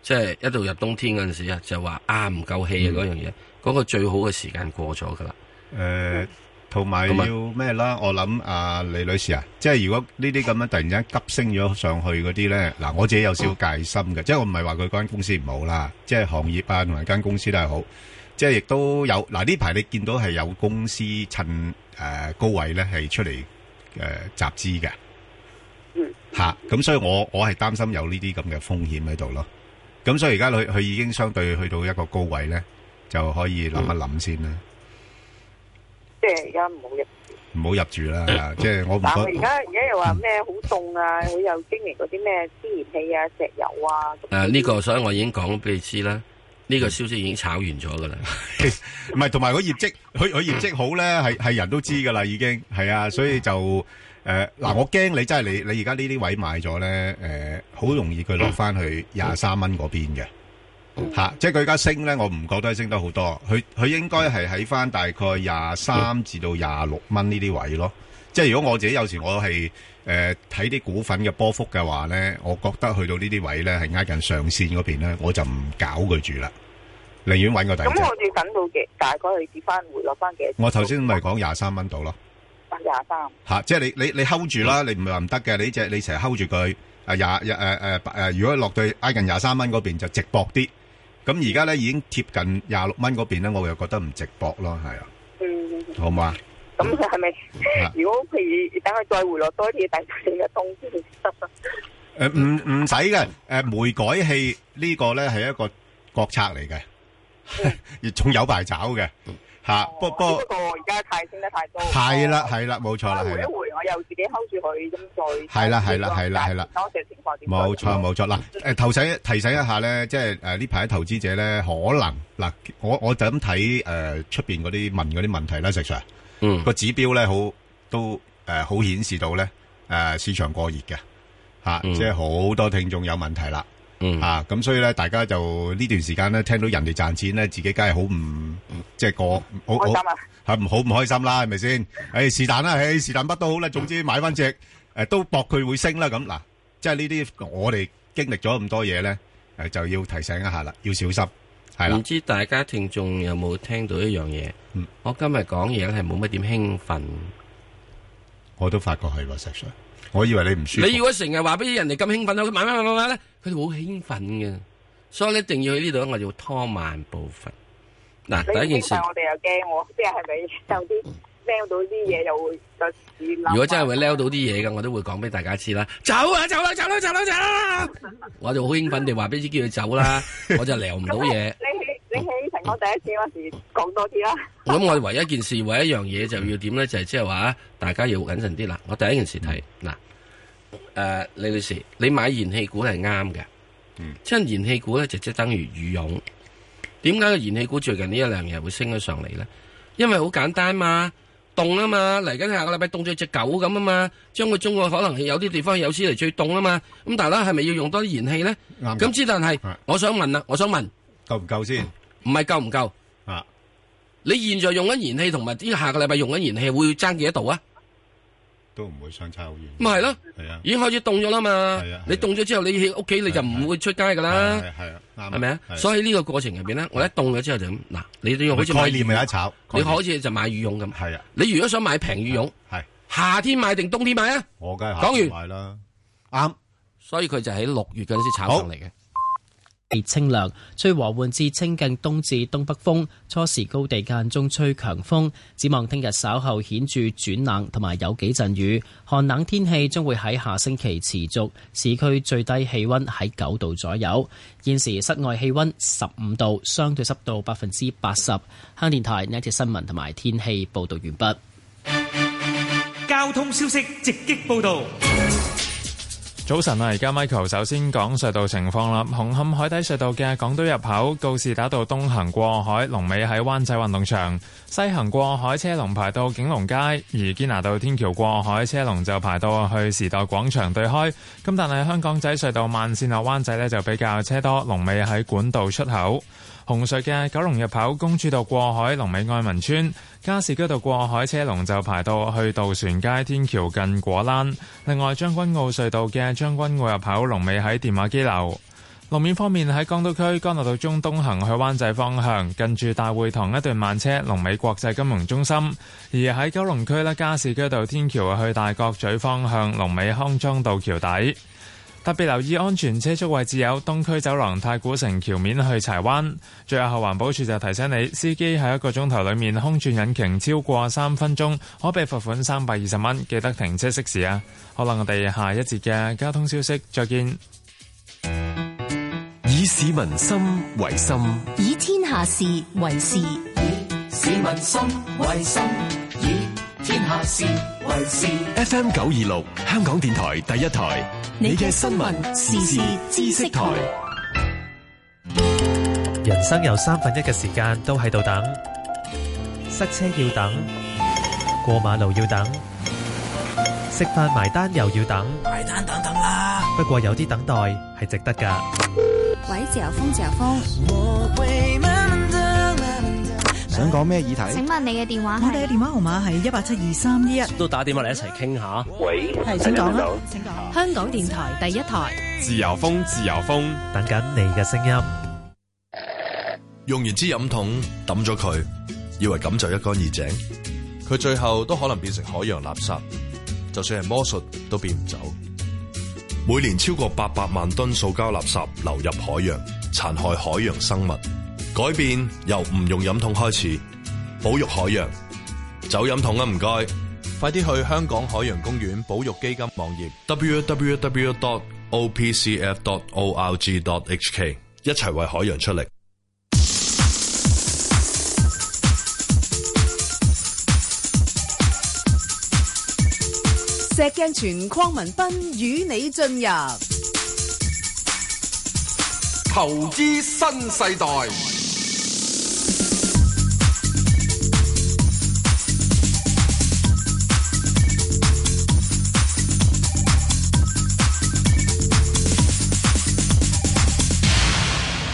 即係一到入冬天嗰陣時啊，就話啊唔夠氣啊嗰樣嘢，嗰個最好嘅時間過咗噶啦，誒、嗯。嗯同埋要咩啦？我諗啊李女士啊，即係如果呢啲咁樣突然間急升咗上去嗰啲咧，嗱、啊，我自己有少少戒心嘅、嗯，即係我唔係話佢間公司唔好啦，即係行業啊同埋間公司都係好，即係亦都有嗱呢排你見到係有公司趁誒、呃、高位咧係出嚟誒、呃、集資嘅，吓、啊，咁所以我我係擔心有呢啲咁嘅風險喺度咯，咁所以而家佢佢已經相對去到一個高位咧，就可以諗一諗先啦、嗯。即係而家唔好入唔好入住啦，即係 我唔覺得，而家而家又話咩好凍啊！佢 又經營嗰啲咩天然氣啊、石油啊。誒，呢個所以我已經講俾你知啦。呢、這個消息已經炒完咗噶啦。唔 係， 同埋個業績，佢佢業績好咧，係係人都知噶啦，已經係啊。所以就誒嗱、呃，我驚你真係你你而家呢啲位買咗咧，誒、呃，好容易佢落翻去廿三蚊嗰邊嘅。吓！即係佢而家升咧，我唔覺得係升得好多。佢佢應該係喺翻大概廿三至到廿六蚊呢啲位咯。即係如果我自己有時我係誒睇啲股份嘅波幅嘅話咧，我覺得去到呢啲位咧係挨近上線嗰邊咧，我就唔搞佢住啦，寧願揾個底。咁我要等到幾大概跌翻回落翻幾？我頭先咪講廿三蚊度咯，廿三嚇！即係你你你 hold 住啦，你唔係話唔得嘅，你呢隻你成日 hold 住佢啊廿一誒誒誒，如果落到挨近廿三蚊嗰邊就值博啲。咁而家咧已經貼近廿六蚊嗰邊咧，我又覺得唔值搏咯，係啊，嗯、好唔好啊？咁佢係咪？如果譬如等佢再回落多啲，第四個冬天得啊？唔唔使嘅，誒、呃、煤改氣呢個咧係一個國策嚟嘅，越、嗯、仲 有排找嘅。嗯吓、啊，不過不過而家太升得太多。係啦係啦，冇錯啦。是錯我回一回是我又自己 hold 住佢，咁再係啦係啦係啦係啦，多時情況冇錯冇錯啦，誒提醒提醒一下咧，即係誒呢排投資者咧可能嗱，我我就咁睇誒出邊嗰啲問嗰啲問題啦。實 s i 個指標咧好都誒好顯示到咧誒、啊、市場過熱嘅吓，啊嗯、即係好多聽眾有問題啦。嗯啊，咁所以咧，大家就呢段時間咧，聽到人哋賺錢咧，自己梗係好唔即係個好開心啊，係唔好唔開心啦，係咪先？誒是但啦，誒是但乜都好啦，總之買翻隻誒都搏佢會升啦。咁嗱，即係呢啲我哋經歷咗咁多嘢咧，誒就要提醒一下啦，要小心係啦。唔知大家聽眾有冇聽到一樣嘢？嗯，我今日講嘢咧係冇乜點興奮，我都發覺係落石水。我以為你唔舒服。你如果成日話俾人哋咁興奮，我買買買買咧，佢哋好興奮嘅，所以你一定要去呢度，我哋要拖慢步伐。嗱、啊，第一件事，我哋又驚，我即係係咪有啲撩到啲嘢，就會有事。如果真係會撩到啲嘢嘅，我都會講俾大家知啦。走啊，走啦、啊，走啦、啊，走啦、啊，走、啊 我很走啊！我就好興奮地話俾啲叫佢走啦，我就撩唔到嘢。我第一次嗰時講多次啦。咁我唯一一件事，唯一一樣嘢就要點咧、嗯，就係即係話大家要謹慎啲啦。我第一件事睇嗱，誒、嗯，李女士，你買燃氣股係啱嘅，即係燃氣股咧就即等於羽絨。點解個燃氣股最近呢一兩日會升咗上嚟咧？因為好簡單嘛，凍啊嘛，嚟緊下，下個禮拜凍咗隻狗咁啊嘛，將個中國可能有啲地方有史嚟最凍啊嘛，咁大家咧係咪要用多啲燃氣咧？啱、嗯。咁之但係，我想問啦，我想問，夠唔夠先？嗯唔係夠唔夠啊！你現在用緊燃氣，同埋呢，下個禮拜用緊燃氣會爭幾多度啊？都唔會相差好遠。咪係咯，係啊，已經開始凍咗啦嘛。啊啊、你凍咗之後，你喺屋企你就唔會出街噶啦，係啊，係咪啊，啊，啊，啊，啊？所以呢個過程入邊咧，我一凍咗之後就咁嗱、啊，你都用好似概念咪一炒，你可以就買羽絨咁。係啊，你如果想買平羽絨，係、啊啊啊、夏天買定冬天買啊？我梗係夏天買啦，啱，所以佢就喺六月嗰陣時炒上嚟嘅。特別清涼，吹和緩至清勁東至東北風，初時高地間中吹強風。展望聽日稍後顯著轉冷，同埋有幾陣雨。寒冷天氣將會喺下星期持續。市區最低氣溫喺九度左右。現時室外氣溫十五度，相對濕度百分之八十。香港電台呢一節新聞同埋天氣報道完畢。交通消息直擊報道。早晨啊！而家 Michael 首先講隧道情況啦。紅磡海底隧道嘅港島入口告士打道東行過海，龍尾喺灣仔運動場；西行過海車龍排到景隆街，而堅拿道天橋過海車龍就排到去時代廣場對開。咁但係香港仔隧道慢綫落灣仔呢，就比較車多，龍尾喺管道出口。紅隧嘅九龍入口公主道過海，龍尾愛民村。加士居道過海車龍就排到去渡船街天橋近果欄，另外將軍澳隧道嘅將軍澳入口龍尾喺電話機樓。路面方面喺港島區，干諾道中東行去灣仔方向近住大會堂一段慢車，龍尾國際金融中心；而喺九龍區呢，加士居道天橋去大角咀方向龍尾康莊道橋底。特別留意安全車速位置有東區走廊、太古城橋面去柴灣。最後，環保署就提醒你，司機喺一個鐘頭裏面空轉引擎超過三分鐘，可被罰款三百二十蚊。記得停車熄匙啊！好啦，我哋下一節嘅交通消息，再見。以市民心為心，以天下事為事，以市民心為心，以天下事。FM 九二六香港電台第一台，你嘅新聞時事知識台。人生有三分一嘅時間都喺度等，塞車要等，過馬路要等，食飯埋單又要等。埋單等等啦。不過有啲等待係值得㗎。喂，自由風，自由風。想講咩議題？請問你嘅電話我哋嘅電話號碼係一八七二三一一，都打電話嚟一齊傾下。喂，係請講啦，請講。香港電台第一台。自由風，自由風，等緊你嘅聲音。用完支飲筒，抌咗佢，以為咁就一乾二淨，佢最後都可能變成海洋垃圾，就算係魔術都變唔走。每年超過八百萬噸塑膠垃圾流入海洋，殘害海洋生物。改變由唔用飲筒開始，保育海洋，走飲筒啊！唔該，快啲去香港海洋公園保育基金網頁 www.opcf.org.hk，一齊為海洋出力。石鏡泉、鄺民彬與你進入投資新世代。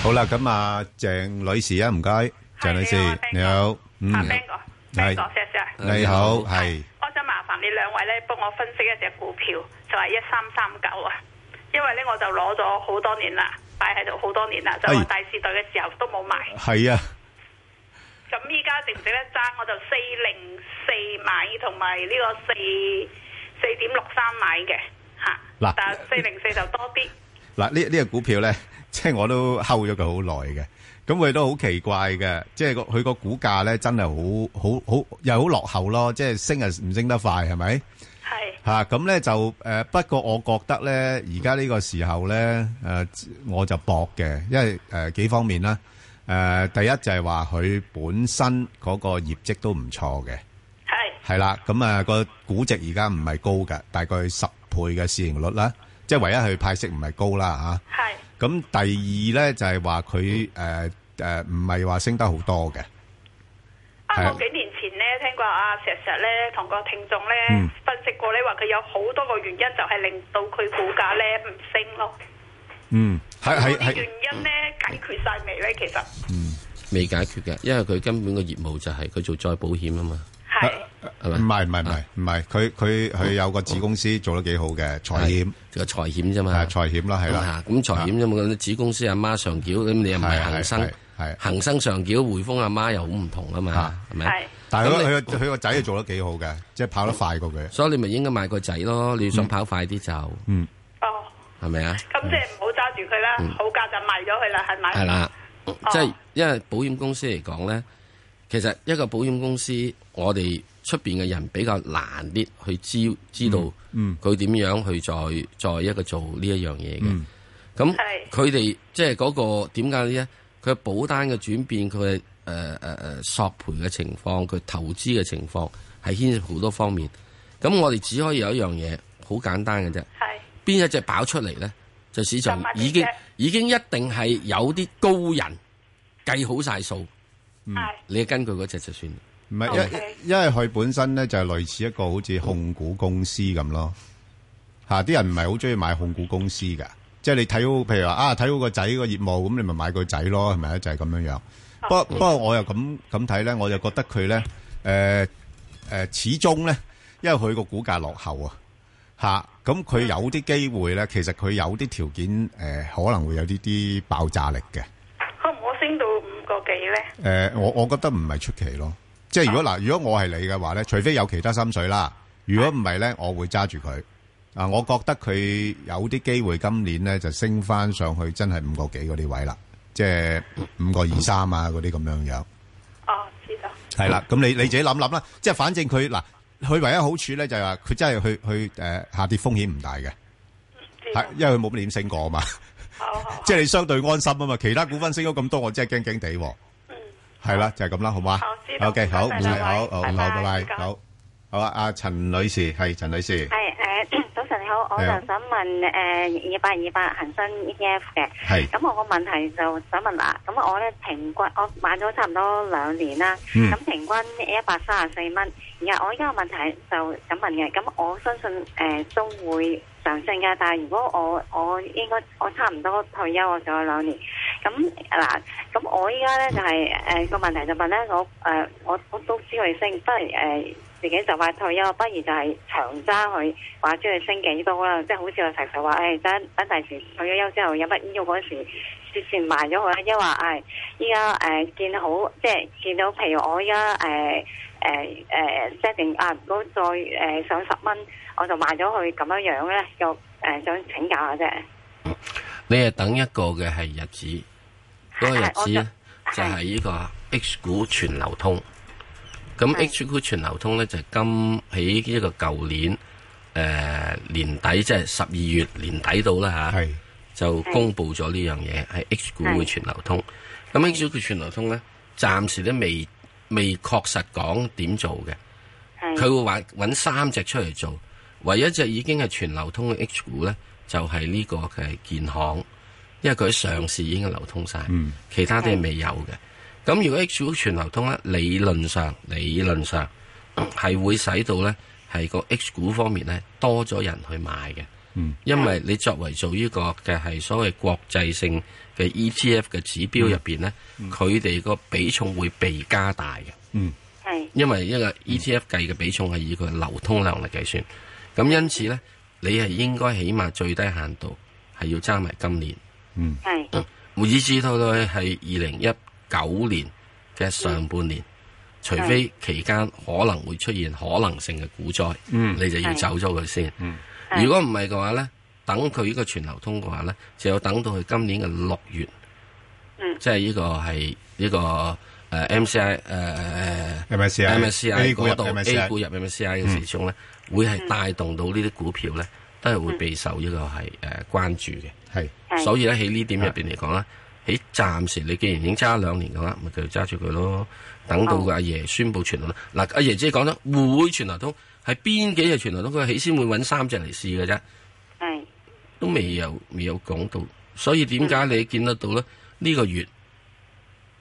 好啦，咁啊，鄭女士啊，唔該，鄭女士、啊，你好，阿 Ben 哥。係 Ben 哥，你好，係。我想麻煩你兩位咧，幫我分析一隻股票，就係一三三九啊，因為咧我就攞咗好多年啦，擺喺度好多年啦，就大市跌嘅時候都冇賣。係啊，咁依家值唔值得揸。我就四零四買，同埋呢個四四點六三買嘅，吓嗱，四零四就多啲。嗱，呢呢隻股票咧。即係我都睺咗佢好耐嘅，咁佢都好奇怪嘅。即係佢個股價咧，真係好好好又好落後咯。即係升啊，唔升得快，係咪？係。咁、啊、咧就誒、呃，不過我覺得咧，而家呢個時候咧誒、呃，我就搏嘅，因為誒、呃、幾方面啦。誒、呃、第一就係話佢本身嗰個業績都唔錯嘅，係係啦。咁、嗯、啊，個估值而家唔係高㗎，大概十倍嘅市盈率啦。即係唯一佢派息唔係高啦係。啊咁第二咧就係話佢誒誒唔係話升得好多嘅。啊，是我幾年前咧聽過阿石石咧同個聽眾咧、嗯、分析過咧話佢有好多個原因就係令到佢股價咧唔升咯。嗯，係係係。嗰啲原因咧、嗯、解決晒未咧？其實嗯，未解決嘅，因為佢根本個業務就係佢做再保險啊嘛。唔係唔係唔係唔係，佢佢佢有個子公司做得幾好嘅財險，個財險啫嘛，財險啦係啦，咁財險啫嘛，子公司阿媽上繳，咁你又唔係恒生，係恒生上繳，匯豐阿媽又好唔同啊嘛，係咪？但係佢佢個仔做得幾好嘅、啊，即係跑得快過佢，所以你咪應該買個仔咯，你想跑快啲就，哦、嗯，係咪、嗯、啊？咁即係唔好揸住佢啦，好價就賣咗佢啦，係咪？係啦，即係因為保險公司嚟講咧。其實一個保險公司，我哋出邊嘅人比較難啲去知知道佢點樣、嗯嗯、去再再一個做呢一樣嘢嘅。咁佢哋即係嗰個點解呢？佢保單嘅轉變，佢誒誒誒索賠嘅情況，佢投資嘅情況，係牽涉好多方面。咁我哋只可以有一樣嘢，好簡單嘅啫。係邊一隻跑出嚟咧？就市場已經已經一定係有啲高人計好晒數。係、嗯，你根據嗰隻就算。唔係，一、okay. 因為佢本身咧就係類似一個好似控股公司咁咯。吓、嗯，啲人唔係好中意買控股公司噶，即係你睇好，譬如話啊，睇好個仔個業務，咁你咪買個仔咯，係咪啊？就係咁樣樣。不、okay. 不過不過我又咁咁睇咧，我就覺得佢咧，誒、呃、誒、呃，始終咧，因為佢個股價落後啊，吓，咁佢有啲機會咧，其實佢有啲條件誒、呃，可能會有呢啲爆炸力嘅。你咧？誒、呃，我我覺得唔係出奇咯。即係如果嗱、啊，如果我係你嘅話咧，除非有其他心水啦。如果唔係咧，我會揸住佢。啊，我覺得佢有啲機會今年咧就升翻上去，真係五個幾嗰啲位啦。即係五個二三啊，嗰啲咁樣樣。哦、啊，知道。係啦，咁你你自己諗諗啦。即係反正佢嗱，佢唯一好處咧就係、是、話，佢真係去去誒下跌風險唔大嘅。係，因為佢冇乜點升過啊嘛。即係你相對安心啊嘛，其他股份升咗咁多，我真係驚驚地。嗯，係啦，就係咁啦，好嘛？好，知道。OK，好，好，好，好，拜拜。好，好啊，阿陳女士，係陳女士。係誒，早晨你好，我就想問誒，二八二八恒生 ETF 嘅。係。咁我個問題就想問啦，咁我咧平均我買咗差唔多兩年啦，咁平均一百三十四蚊。而我依家個問題就想問嘅，咁我相信誒都會。上升嘅，但係如果我我應該我差唔多退休，我仲有兩年。咁嗱，咁我依家咧就係誒個問題就問咧，我誒、呃、我我都知佢升，不誒、呃、自己就快退休，不如就係長揸佢話知佢升幾多啦。即、就、係、是、好似我成日話誒，等等第時退咗休之後有乜醫藥嗰時折算埋咗佢，因話誒依家誒見好，即係見到譬如我依家誒誒誒 setting 啊，如果再誒、呃、上十蚊。我就賣咗佢咁樣樣咧，又誒想請教下啫。你係等一個嘅係日子，嗰個日子就係呢個 H 股全流通。咁 H 股全流通咧就係今喺呢個舊年誒、呃、年底，即係十二月年底到啦吓，就公布咗呢樣嘢，係 H 股會全流通。咁 H 股全流通咧，暫時都未未確實講點做嘅。佢會話搵三隻出嚟做。唯一隻已經係全流通嘅 H 股咧，就係、係、呢個嘅建行，因為佢上市已經流通晒、嗯，其他啲係未有嘅。咁如果 H 股全流通咧，理論上理論上係、嗯、會使到咧係個 H 股方面咧多咗人去買嘅、嗯，因為你作為做呢個嘅係所謂國際性嘅 ETF 嘅指標入邊咧，佢哋個比重會被加大嘅。嗯，係因為一個 ETF 計嘅比重係以佢流通量嚟計算。咁因此咧，你係應該起碼最低限度係要揸埋今年，嗯，係，嗯，以至到去係二零一九年嘅上半年，除非期間可能會出現可能性嘅股災，嗯，你就要走咗佢先，嗯，如果唔係嘅話咧，等佢呢個全流通嘅話咧，就要等到佢今年嘅六月，嗯，即係、這個呃呃 uh, 呢個係呢個誒 M S C I 誒 M S C I 嗰度 A 股入 M S C I 嘅時鐘咧。嗯會係帶動到呢啲股票咧，都係會備受呢個係誒關注嘅，嗯。所以咧喺呢點入邊嚟講咧，喺暫時你既然已經揸兩年嘅話，咪繼續揸住佢咯。等到阿爺宣布全流通，嗱阿、啊、爺即係講咗會全流通，係邊幾日全流通？佢起先會揾三隻嚟試嘅啫，都未有未有講到。所以點解你見得到咧？呢、呢個月。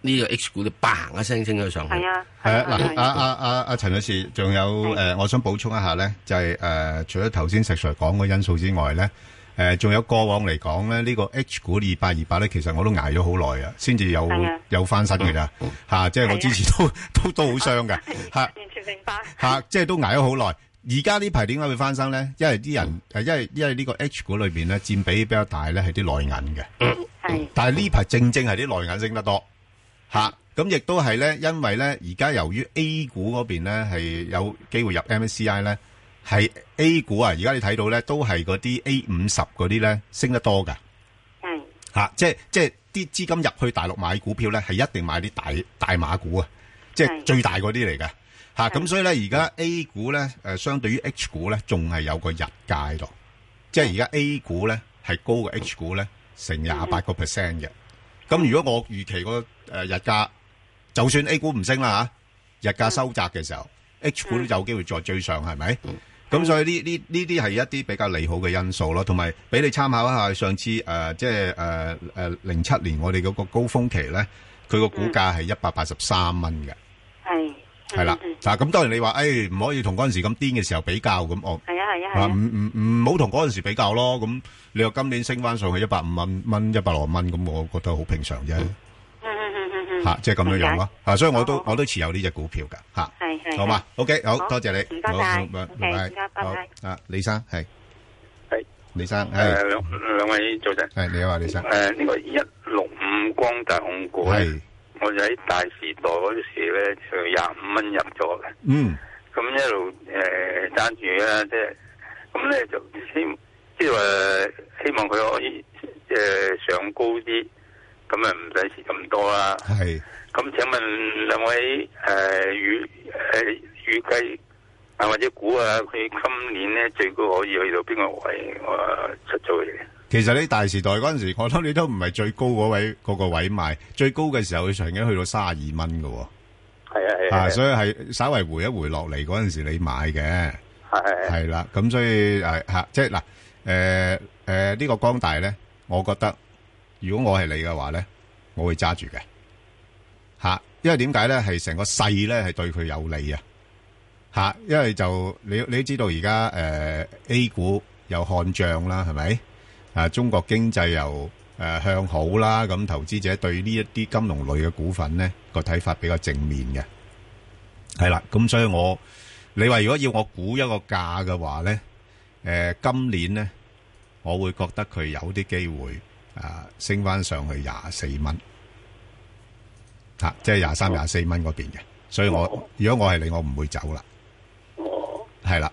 呢、這個 H 股都棒 a n g 一聲升咗上去。啊，係啊。嗱、啊，阿阿陳女士，仲有誒、啊呃，我想補充一下咧，就係、是、誒、呃，除咗頭先石 Sir 講嘅因素之外咧，誒、呃，仲有過往嚟講咧，呢、這個 H 股二八二八咧，其實我都挨咗好耐啊，先至有有翻身嘅咋，吓、啊，即、啊、係、就是、我之前都都都好傷㗎，吓、啊啊。完全明白。吓、啊，即、就、係、是、都挨咗好耐。而家呢排點解會翻身咧？因為啲人誒、嗯，因為因為呢個 H 股裏邊咧，佔比比較大咧，係啲內銀嘅。係。但係呢排正正係啲內銀升得多。吓、啊，咁亦都係咧，因為咧，而家由於 A 股嗰邊咧係有機會入 MSCI 咧，係 A 股啊，而家你睇到咧都係嗰啲 A 五十嗰啲咧升得多㗎。吓、啊，即係即係啲資金入去大陸買股票咧，係一定買啲大大碼股大啊，即係最大嗰啲嚟嘅，吓，咁所以咧，而家 A 股咧，誒、呃，相對於 H 股咧，仲係有個溢價喺度，即係而家 A 股咧係高過 H 股咧成廿八個 percent 嘅。咁如果我預期個誒日價，就算 A 股唔升啦嚇，日價收窄嘅時候，嗯，H 股都有機會再追上，係咪？咁、嗯、所以呢呢呢啲係一啲比較利好嘅因素咯，同埋俾你參考一下上次誒即係誒誒零七年我哋嗰個高峰期咧，佢個股價係一百八十三蚊嘅。嗯、係。係啦，嗱咁當然你話，誒唔可以同嗰陣時咁癲嘅時候比較咁哦。係啊係啊係啊，唔唔唔，唔好同嗰陣時比較咯。咁你話今年升翻上去一百五蚊蚊一百六蚊，咁我覺得好平常啫。嗯嗯嗯嗯嗯。吓，即係咁樣樣咯。吓，所以我都我都持有呢隻股票噶。吓，係係，好嘛？OK，好多謝你，唔該晒，唔該，好。啊，李生係，係李生，係，兩位早晨，係你好啊，李生。誒，呢個一六五光大控股。我就喺大時代嗰陣時咧，就廿五蚊入咗嘅。嗯，咁一路誒揸住啦，即係咁咧就希、是，即係話希望佢可以即係、呃、上高啲，咁啊唔使蝕咁多啦。係，咁請問兩位誒、呃、預誒預計、呃、啊或者估下佢今年咧最高可以去到邊個位？我出咗嚟。其實你大時代嗰陣時，我諗你都唔係最高嗰位嗰、嗰個位賣，最高嘅時候佢曾經去到三十二蚊嘅。係啊係啊，所以係稍微回一回落嚟嗰陣時你買嘅係係啦，咁所以誒吓、啊，即係嗱誒誒呢個光大咧，我覺得如果我係你嘅話咧，我會揸住嘅吓，因為點解咧係成個勢咧係對佢有利啊吓，因為就你你知道而家誒 A 股有看漲啦，係咪？啊！中國經濟又誒、呃、向好啦，咁、啊啊、投資者對呢一啲金融類嘅股份呢個睇法比較正面嘅，係啦。咁所以我你話如果要我估一個價嘅話呢，誒、呃，今年呢，我會覺得佢有啲機會啊，升翻上去廿四蚊，吓、啊，即係廿三廿四蚊嗰邊嘅。所以我如果我係你，我唔會走啦，係啦。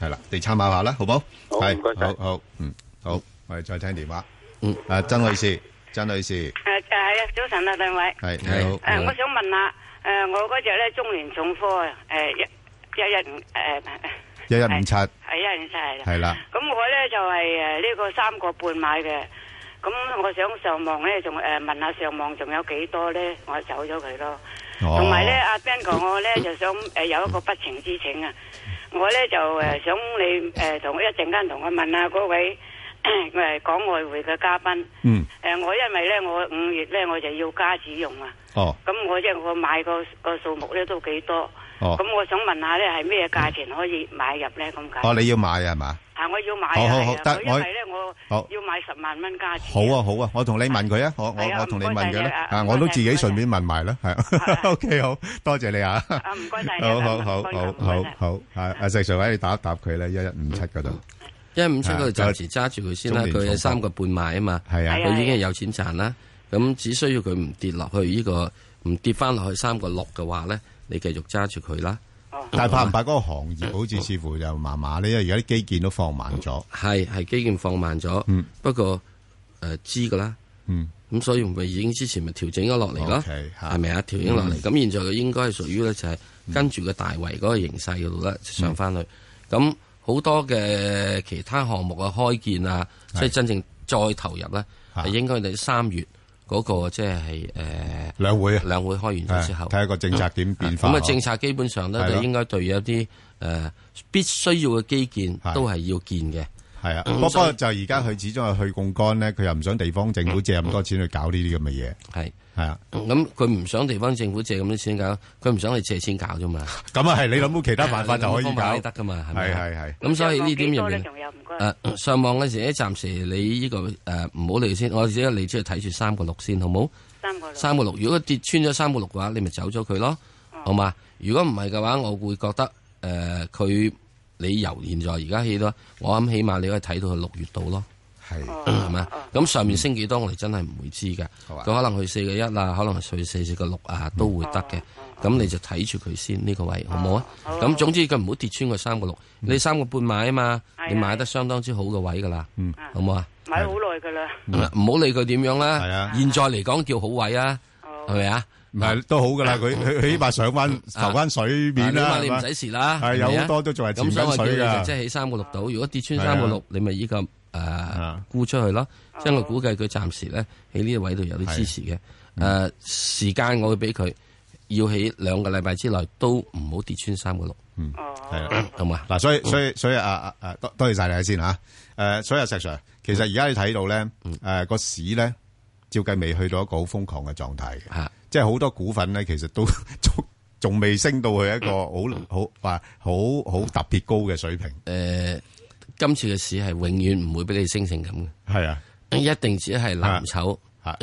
係啦，你參考下啦，好唔好？好，唔該晒，好好嗯好，我哋再聽電話。嗯，阿曾女士，曾女士，誒係啊，早晨啊兩位，係你好。誒，我想問下，誒我嗰隻咧中聯重科誒一一一五誒一一五七係一一五七啦，係啦。咁我咧就係誒呢個三個半買嘅，咁我想上望咧，仲誒問下上望仲有幾多咧？我走咗佢咯，同埋咧阿 Ben 講我咧就想誒有一個不情之請啊。我咧就誒想你誒同我一陣間同我問下嗰位誒講外匯嘅嘉賓。嗯。誒、呃，我因為咧我五月咧我就要家置用啊。哦。咁我即係我買個個數目咧都幾多。哦。咁我想問下咧，係咩價錢可以買入咧？咁、嗯、解。哦，你要買啊嘛？啊！我要買，我係咧，我要買十萬蚊價錢。好啊，好啊，我同你問佢啊，我我同你問佢啦，啊，我都自己順便問埋咧，係。OK，好多謝你啊！唔該好好好好好好，啊，阿石常偉，你答一答佢咧，一一五七嗰度，一一五七嗰度暫時揸住佢先啦，佢係三個半買啊嘛，係啊，佢已經係有錢賺啦，咁只需要佢唔跌落去呢個，唔跌翻落去三個六嘅話咧，你繼續揸住佢啦。但係怕唔怕嗰個行業好似似乎又麻麻咧？因為而家啲基建都放慢咗，係係基建放慢咗，嗯呃嗯嗯 okay。嗯，不過誒知噶啦。嗯，咁所以咪已經之前咪調整咗落嚟啦。係咪啊？調整落嚟。咁現在佢應該係屬於咧，就係跟住個大圍嗰個形勢嗰度咧上翻去。咁，嗯，好多嘅其他項目嘅開建啊，即係真正再投入咧，係應該喺三月嗰、那個即、就、係、是、呃兩會。兩會開完咗之後。睇一個政策點變化。咁、嗯那個、政策基本上呢就應該對一啲呃必須要嘅基建都係要建嘅。係啊，不過、嗯、就而家佢始終係去槓杆咧，佢又唔想地方政府借咁多錢去搞呢啲咁嘅嘢。係、嗯、係、嗯、啊，咁佢唔想地方政府借咁多錢搞，佢唔想去借錢搞啫嘛。咁、嗯嗯嗯嗯嗯、啊係，你諗到其他辦法就可以搞，得、啊、噶嘛，係咪？係係。咁所以呢點入面，誒、嗯，上網嘅、嗯、時咧，暫時你呢、這個誒唔好理先，我只係你咗去睇住三個六先，好冇？三個六，三個六。如果跌穿咗三個六嘅話，你咪走咗佢咯，嗯、好嘛？如果唔係嘅話，我會覺得誒佢。呃你由現在而家起到，我諗起碼你可以睇到佢六月度咯，係咪？咁上面升幾多，我哋真係唔會知㗎。佢、嗯、可能去四個一啦，可能去四四個六啊、嗯，都會得嘅。咁、哦、你就睇住佢先呢、呢個位、哦，好冇啊？咁總之佢唔好跌穿個三個六，你三個半買嘛啊嘛，你買得相當之好嘅位噶啦、嗯，好冇啊？買好耐㗎啦，唔好理佢點樣啦、啊。現在嚟講叫好位啊，係咪啊？唔係都好噶啦，佢、啊、佢起碼上翻浮翻水面啦。係、啊、嘛，你唔使蝕啦。係有好多都仲係潛水噶。咁、啊、所以我睇嘅就即係起三個六度，如果跌穿三個六，你咪依個誒沽出去咯。因為我估計佢暫時咧喺呢個位度有啲支持嘅誒、啊嗯啊，時間我會俾佢要喺兩個禮拜之內都唔好跌穿三個六。嗯，係同埋嗱，所以所以所以，、啊啊啊、所以啊啊多多謝晒你先吓誒。所以阿石 Sir，其實而家你睇到咧誒、嗯啊那個市咧，照計未去到一個好瘋狂嘅狀態嘅。啊即係好多股份咧，其實都仲仲未升到去一個好好話好好特別高嘅水平。誒、呃，今次嘅市係永遠唔會俾你升成咁嘅。係啊，一定只係藍籌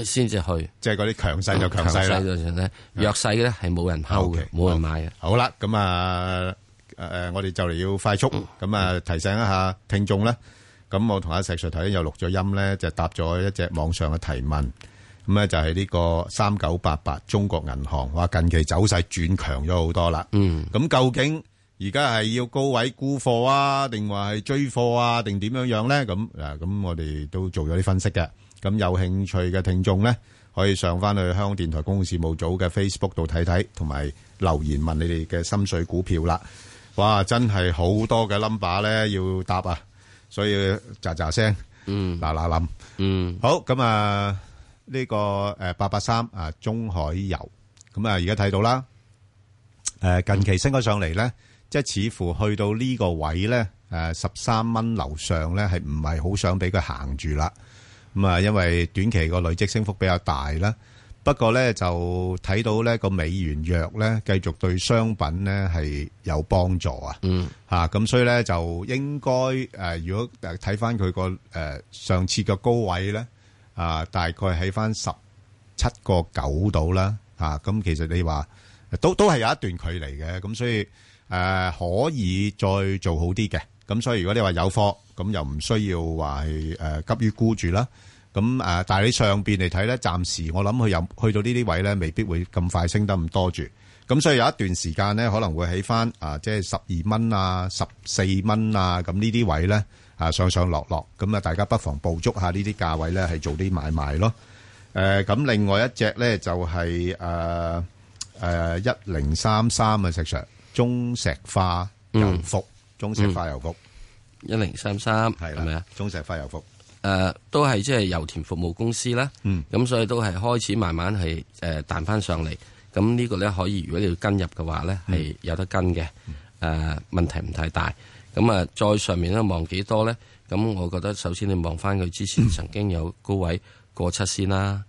先至去。啊啊、即係嗰啲強勢就強勢啦。勢勢啊、弱勢咧係冇人拋嘅，冇 Okay, 人買嘅。Okay, okay. 好啦，咁啊誒，我哋就嚟要快速咁啊、呃，提醒一下聽眾咧。咁我同阿石 Sir 頭先又錄咗音咧，就答咗一隻網上嘅提問。咁咧就係呢個三九八八中國銀行，哇！近期走勢轉強咗好多啦。嗯，咁究竟而家係要高位沽貨啊，定話係追貨啊，定點樣樣咧？咁嗱，咁我哋都做咗啲分析嘅。咁有興趣嘅聽眾咧，可以上翻去香港電台公共事務組嘅 Facebook 度睇睇，同埋留言問你哋嘅心水股票啦。哇！真係好多嘅 number 咧要答啊，所以喳喳聲，嗯，嗱嗱諗，嗯，好咁啊。呢個誒八八三啊，中海油咁啊，而家睇到啦。誒，近期升咗上嚟咧，即係似乎去到呢個位咧誒，十三蚊樓上咧係唔係好想俾佢行住啦？咁啊，因為短期個累積升幅比較大啦。不過咧就睇到咧，個美元弱咧，繼續對商品咧係有幫助啊。嗯。吓、啊、咁，所以咧就應該誒，如果睇翻佢個誒上次嘅高位咧。啊，大概喺翻十七個九度啦，啊，咁其實你話都都係有一段距離嘅，咁所以誒可以再做好啲嘅，咁所以如果你話有貨，咁又唔需要話係誒急於沽住啦，咁誒，但係你上邊嚟睇咧，暫時我諗佢有去到呢啲位咧，未必會咁快升得咁多住，咁所以有一段時間咧，可能會起返啊，即係十二蚊啊、十四蚊啊，咁呢啲位咧。啊，上上落落，咁啊大家不妨捕捉下呢啲價位咧，係做啲買賣咯。誒，咁另外一隻咧就係誒誒一零三三啊，石 Sir，中石化油服，中石化油服一零三三係咪啊？中石化油服誒，都係即係油田服務公司啦。嗯，咁所以都係開始慢慢係誒彈翻上嚟。咁呢個咧可以，如果你要跟入嘅話咧，係有得跟嘅。誒，問題唔太大。咁啊，再上面咧望幾多咧？咁我覺得首先你望翻佢之前、嗯、曾經有高位過七先啦，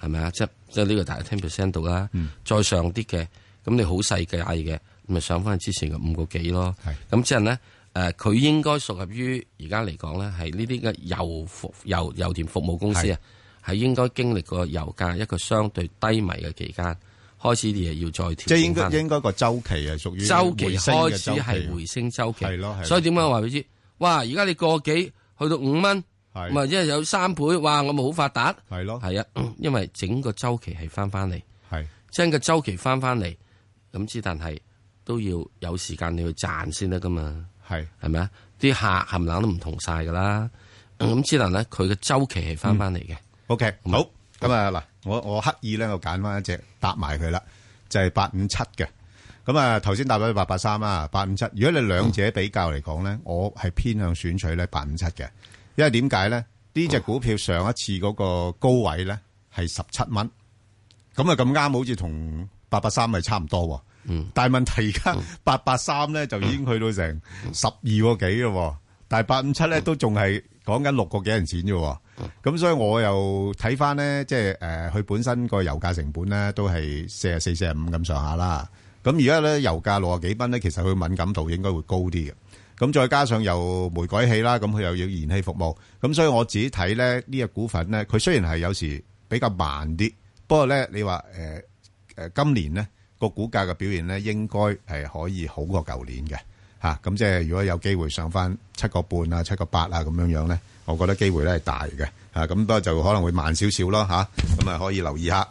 係咪啊？即即呢個大 e 10%度啦、嗯。再上啲嘅，咁你好細計嘅，咪上翻之前嘅五個幾咯。咁之後咧，誒、呃、佢應該屬於而家嚟講咧，係呢啲嘅油服油油田服務公司啊，係應該經歷過油價一個相對低迷嘅期間。開始啲嘢，要再調，即係應該應該個周期係屬於周期開始係回升周期，係咯。所以點解我話俾你知，哇！而家你個幾去到五蚊，係咪因為有三倍，哇！我咪好發達，係咯，係啊，因為整個周期係翻翻嚟，係將個周期翻翻嚟。咁之但係都要有時間你去賺先得噶嘛，係係咪啊？啲客含量都唔同晒噶啦。咁之但咧，佢個周期係翻翻嚟嘅。嗯、o、okay, K，好，好。咁啊嗱，我我刻意咧，我揀翻一隻搭埋佢啦，就係八五七嘅。咁啊，頭先答咗八八三啊，八五七。如果你兩者比較嚟講咧，我係偏向選取咧八五七嘅，因為點解咧？嗯。呢隻股票上一次嗰個高位咧係十七蚊，咁啊咁啱，好似同八八三係差唔多。嗯。但係問題而家八八三咧就已經去到成十二個幾喎，但係八五七咧都仲係講緊六個幾銀錢啫。咁所以我又睇翻咧，即係誒，佢本身個油價成本咧都係四啊四、四啊五咁上下啦。咁而家咧油價六啊幾蚊咧，其實佢敏感度應該會高啲嘅。咁再加上又煤改氣啦，咁佢又要燃氣服務。咁所以我自己睇咧呢隻股份咧，佢雖然係有時比較慢啲，不過咧你話誒誒，今年咧個股價嘅表現咧，應該係可以好過舊年嘅，吓。咁即係如果有機會上翻七個半啊、七個八啊咁樣樣咧。我覺得機會咧係大嘅，吓，咁不過就可能會慢少少咯，吓咁啊，可以留意下。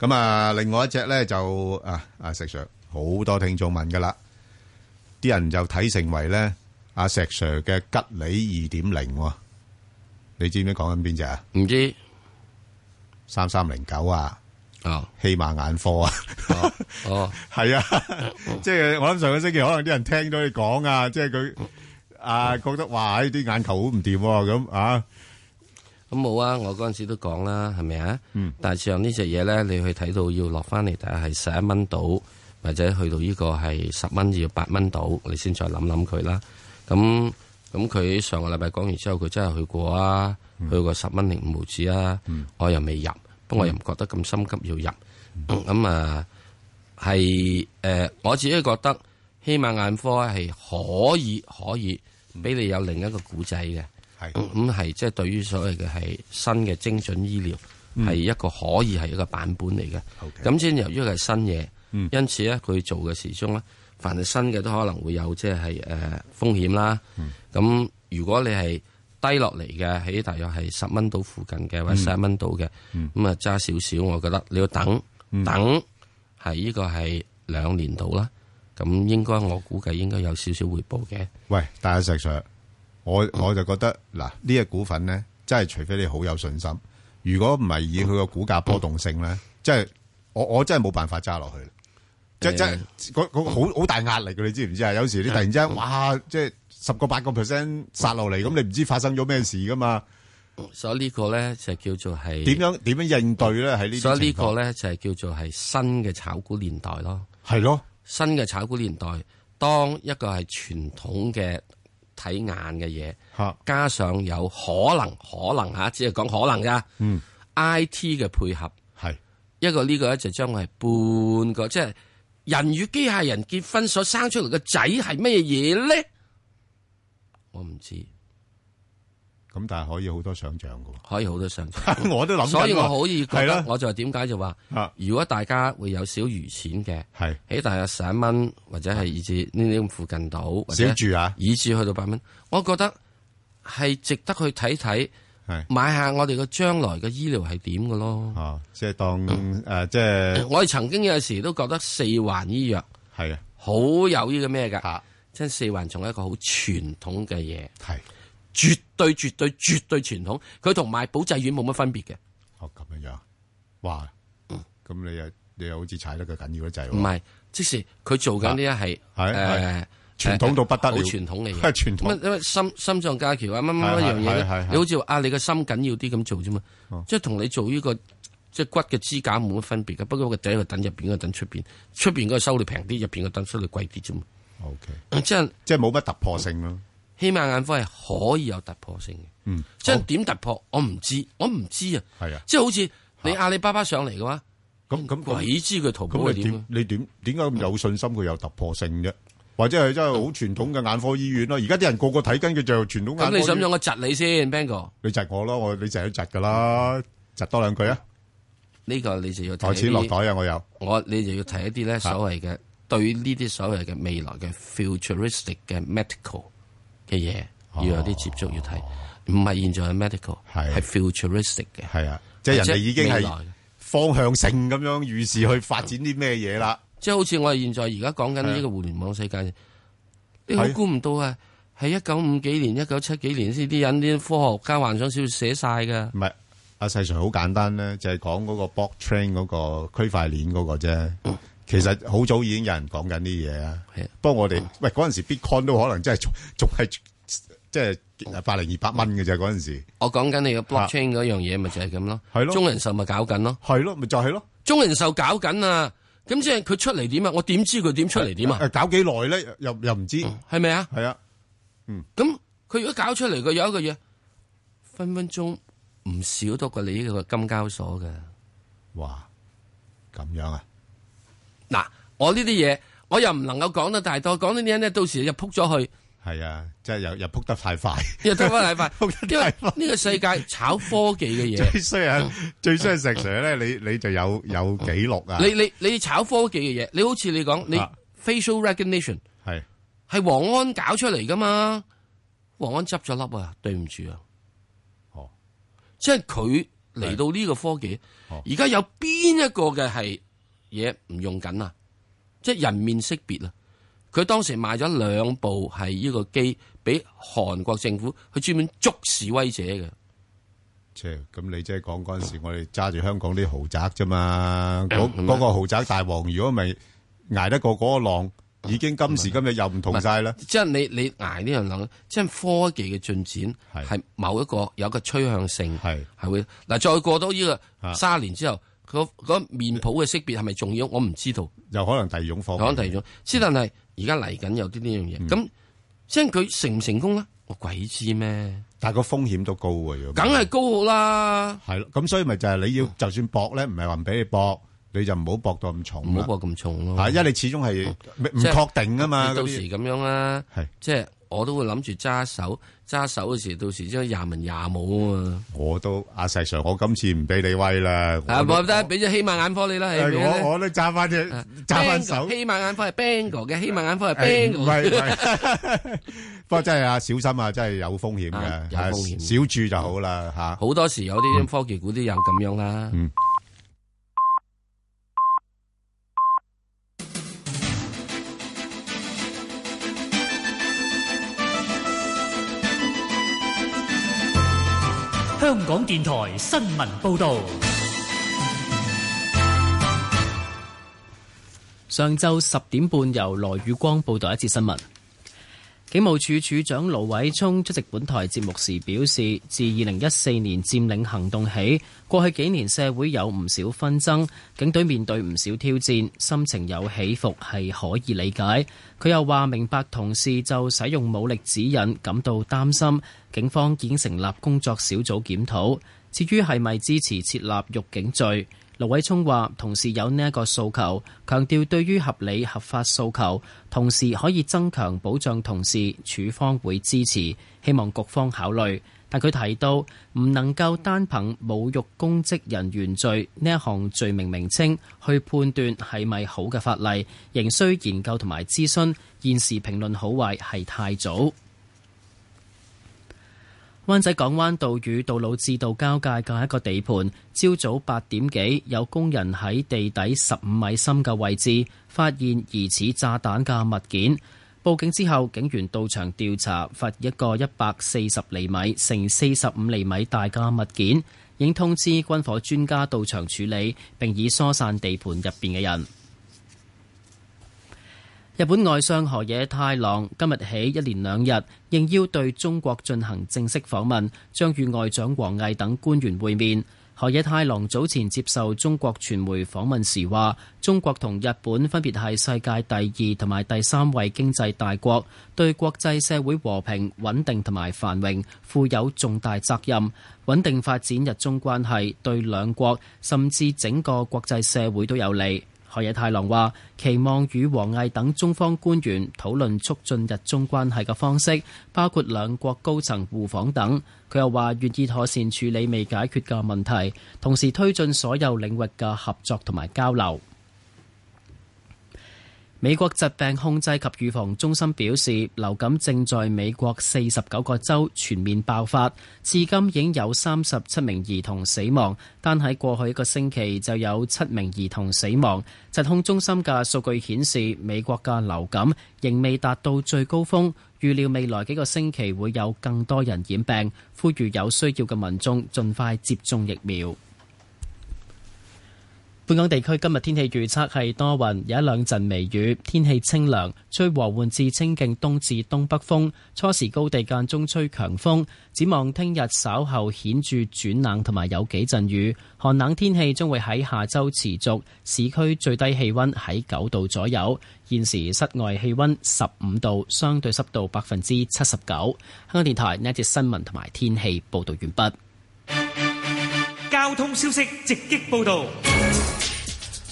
咁啊，另外一隻咧就，啊阿石 Sir 好多聽眾問噶啦，啲人就睇成為咧阿石 Sir 嘅吉利二點零，你知唔知講緊邊隻啊？唔知三三零九啊，哦，希瑪眼科啊，哦，係啊，即係我諗上個星期可能啲人聽到你講啊，即係佢。啊，覺得話呢啲眼球好唔掂咁啊，咁、啊、冇啊，我嗰陣時都講啦，係咪啊？嗯，但係呢隻嘢咧，你去睇到要落翻嚟，大概係十一蚊到，或者去到呢個係十蚊至八蚊到，你先再諗諗佢啦。咁咁佢上個禮拜講完之後，佢真係去過啊，嗯、去過十蚊零五毫紙啊、嗯，我又未入，不過又唔覺得咁心急要入。咁、嗯嗯、啊，係誒、呃，我自己覺得希瑪眼科係可以，可以。俾你有另一個古仔嘅。咁係即係對於所謂嘅係新嘅精準醫療係、嗯、一個可以係一個版本嚟嘅。咁、okay。先由於佢係新嘢、嗯，因此咧佢做嘅時鐘咧，凡係新嘅都可能會有即係誒風險啦。咁、嗯、如果你係低落嚟嘅，喺大約係十蚊到附近嘅或者十蚊到嘅，咁啊揸少少，我覺得你要等、嗯、等，係呢個係兩年度啦。咁應該我估計應該有少少回報嘅。喂，但阿石 Sir，我、嗯、我就覺得嗱，呢隻股份咧，真係除非你好有信心，如果唔係以佢個股價波動性咧、嗯，即係我我真係冇辦法揸落去。嗯、即即係嗰好好大壓力嘅，你知唔知啊？有時你突然之間、嗯、哇，即係十個八個 percent 殺落嚟，咁、嗯、你唔知發生咗咩事噶嘛。所以個呢個咧就叫做係點樣點樣應對咧喺呢？所以個呢個咧就係、是、叫做係新嘅炒股年代咯。係咯。新嘅炒股年代，當一個係傳統嘅睇眼嘅嘢，加上有可能，可能吓、啊，只係講可能噶。嗯，I T 嘅配合係一個呢個咧就將係半個，即係人與機械人結婚所生出嚟嘅仔係咩嘢咧？我唔知。咁但係可以好多想象噶，可以好多想象， 我都諗。所以我可以覺得，我就點解就話，如果大家會有少餘錢嘅，喺大約十一蚊，或者係以至呢啲咁附近度，少住啊，以至去到八蚊，我覺得係值得去睇睇，買下我哋嘅將來嘅醫療係點嘅咯。即係、就是、當即係、嗯呃就是、我哋曾經有時都覺得四環醫藥係啊，好有呢個咩㗎？即、就、係、是、四環仲係一個好傳統嘅嘢。絕對絕對絕對傳統，佢同賣保濟丸冇乜分別嘅。哦，咁樣樣，哇！咁、嗯、你又你又好似踩得佢緊要嗰隻喎。唔係，即使是佢做緊呢，係、啊、誒，傳、呃呃、統到不得了，好傳統嘅嘢。因為心心臟架橋啊，乜乜一樣嘢，你好似啊，你,心、哦就是你這個心緊要啲咁做啫嘛，即係同你做呢個即係骨嘅支架冇乜分別嘅。不過個第一個等入邊個等出邊，出邊個收你平啲，入邊個等收你貴啲啫嘛。O K，即係即係冇乜突破性咯。起碼眼科係可以有突破性嘅，嗯，即係點突破，我唔知，我唔知啊，係啊，即係好似你阿里巴巴上嚟嘅話，咁、啊、咁鬼知佢淘寶係點？你點點解咁有信心佢有突破性啫、嗯？或者係真係好傳統嘅眼科醫院咯？而家啲人個個睇緊嘅就傳統眼科醫院。咁你想唔想我窒你先，Bang 哥？你窒我咯，我你窒一窒噶啦，窒多兩句啊。呢、這個你就要袋錢落袋啊！我有。我你就要睇一啲咧，是啊、這所謂嘅對呢啲所謂嘅未來嘅 futuristic 嘅 medical。嘅嘢要有啲接觸要睇，唔係、哦、現在係 medical 係 futuristic 嘅是，即係、啊就是、人哋已經係方向性咁樣預示去發展啲咩嘢啦。即係、啊就是、好似我哋現在而家講緊呢個互聯網世界，啊、你估唔到啊？喺一九五幾年、一九七幾年先啲人啲科學家幻想小說寫晒㗎。唔係阿細 Sir 好簡單咧，就係講嗰個 block chain 嗰個區塊鏈嗰個啫。嗯。其實好早已經有人講緊呢嘢啊。係啊。不過我哋喂嗰陣時 Bitcoin 都可能真係仲仲係即係百零二百蚊嘅啫嗰陣時。我講緊你個 Blockchain 嗰樣嘢，咪就係咁咯。係咯，中人壽咪搞緊咯。係咯，咪就係咯，中人壽搞緊啊！咁即係佢出嚟點啊？我點知佢點出嚟點啊？搞幾耐咧？又又唔知係咪啊？係啊，嗯，咁佢如果搞出嚟，佢有一個嘢，分分鐘唔少多過你呢個金交所嘅。哇，咁樣啊？嗱，我呢啲嘢，我又唔能夠講得太多，講呢啲嘢咧，到時又撲咗去。係啊，即係又又扑得太快， 又撲得太快。因為呢 個世界炒科技嘅嘢，最衰啊， 最衰石 Sir 咧，你你就有有記錄啊。你你你，你炒科技嘅嘢，你好似你講你 facial recognition 係、啊、係王安搞出嚟噶嘛？王安執咗粒啊，對唔住啊。哦，即係佢嚟到呢個科技，而、哦、家有邊一個嘅係？嘢唔用緊啦，即係人面識別啦。佢當時買咗兩部係呢個機，俾韓國政府去專門捉示威者嘅。切，咁你即係講嗰陣時，我哋揸住香港啲豪宅啫嘛。嗰、嗯、嗰、那個豪宅大王，如果咪捱得過嗰個浪，已經今時今日又唔同晒啦。即、嗯、係、就是、你你捱呢樣浪，即、就、係、是、科技嘅進展係某一個有一個趨向性係係會。嗱，再過多呢個三年之後。啊那個面譜嘅識別係咪重要？我唔知道，又可能第二種方法。講第二種，先、嗯、但係而家嚟緊有啲呢樣嘢，咁、嗯、即係佢成唔成功咧？我鬼知咩？但係個風險都高嘅，梗係高好啦。係咯，咁所以咪就係你要，就算搏咧，唔係話唔俾你搏，你就唔好搏到咁重，唔好搏咁重咯。係，因為你始終係唔確定啊嘛。係到時咁樣啦，係即係。我都會諗住揸手，揸手嘅時候，到時將廿文廿武啊嘛、嗯。我都石 Sir，我今次唔俾你威啦。啊，唔得，俾隻希瑪眼科你啦、啊。我我都揸翻隻，揸、啊、翻手。Bingo, 希瑪眼科係 Bingo 嘅，希、啊、瑪眼科係 Bingo。唔、啊、係，欸、 不不不 真係啊，小心啊，真係有風險嘅、啊，有風險、啊啊有風險啊，小注就好啦，吓、嗯。好、啊、多時有啲科技股啲人咁樣啦、啊。嗯香港電台新聞報道，上晝十點半由羅宇光報道一節新聞。警務處處長盧偉聰出席本台節目時表示，自二零一四年佔領行動起，過去幾年社會有唔少紛爭，警隊面對唔少挑戰，心情有起伏，係可以理解。佢又話明白同事就使用武力指引感到擔心，警方已經成立工作小組檢討。至於係咪支持設立辱警罪？盧偉聰話，同事有呢一個訴求，強調對於合理合法訴求，同時可以增強保障，同事處方會支持，希望局方考慮。但佢提到，唔能夠單憑侮辱公職人員罪呢一項罪名名稱去判斷係咪好嘅法例，仍需研究同埋諮詢，現時評論好壞係太早。灣仔港灣道與道路至道交界嘅一個地盤，朝早八點幾有工人喺地底十五米深嘅位置發現疑似炸彈嘅物件，報警之後警員到場調查，發現一個一百四十厘米乘四十五厘米大嘅物件，已通知軍火專家到場處理，並已疏散地盤入邊嘅人。日本外相河野太郎今日起一連兩日應邀對中國進行正式訪問，將與外長王毅等官員會面。河野太郎早前接受中國傳媒訪問時話，中國同日本分別係世界第二同埋第三位經濟大國，對國際社會和平穩定同埋繁榮負有重大責任，穩定發展日中關係對兩國甚至整個國際社會都有利。河野太郎話：期望與王毅等中方官員討論促進日中關係嘅方式，包括兩國高層互訪等。佢又話願意妥善處理未解決嘅問題，同時推進所有領域嘅合作同埋交流。美國疾病控制及預防中心表示，流感正在美國四十九個州全面爆發，至今已經有三十七名兒童死亡，單喺過去一個星期就有七名兒童死亡。疾控中心嘅數據顯示，美國嘅流感仍未達到最高峰，預料未來幾個星期會有更多人染病，呼籲有需要嘅民眾盡快接種疫苗。本港地區今日天氣預測係多雲有一兩陣微雨，天氣清涼，吹和緩至清勁東至東北風，初時高地間中吹強風，展望聽日稍後顯著轉冷，同埋有幾陣雨。寒冷天氣將會喺下周持續，市區最低氣溫喺九度左右。現時室外氣溫十五度，相對濕度百分之七十九。香港電台呢一節新聞同埋天氣報道完畢。通消息直擊報道。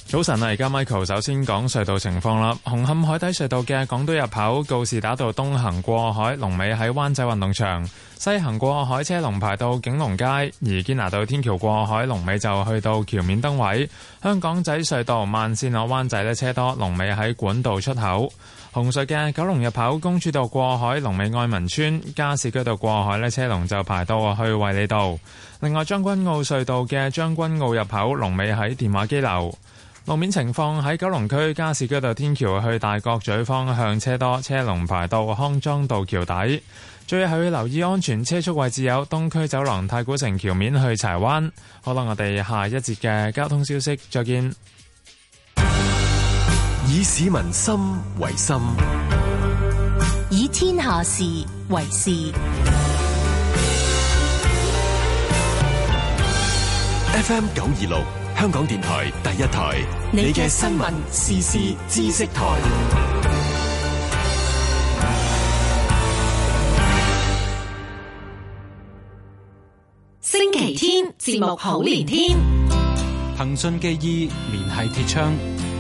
早晨啊，而家 Michael 首先講隧道情況啦。紅磡海底隧道嘅港島入口告士打道東行過海，龍尾喺灣仔運動場；西行過海，車龍排到景隆街。而堅拿道天橋過海，龍尾就去到橋面燈位。香港仔隧道慢線，落灣仔咧車多，龍尾喺管道出口。紅隧嘅九龍入口，公主道過海，龍尾愛民村加士居道過海呢，車龍就排到去衛理道。另外將軍澳隧道嘅將軍澳入口，龍尾喺電話機樓。路面情況喺九龍區加士居道天橋去大角咀方向車多，車龍排到康莊道橋底。最後要留意安全車速位置有東區走廊、太古城橋面去柴灣。好啦，我哋下一節嘅交通消息再見。以市民心為心，以天下事為事。FM 九二六，香港電台第一台，你嘅新聞、時事、知識台。星期天節目好連天，騰訊記憶，聯繫鐵窗。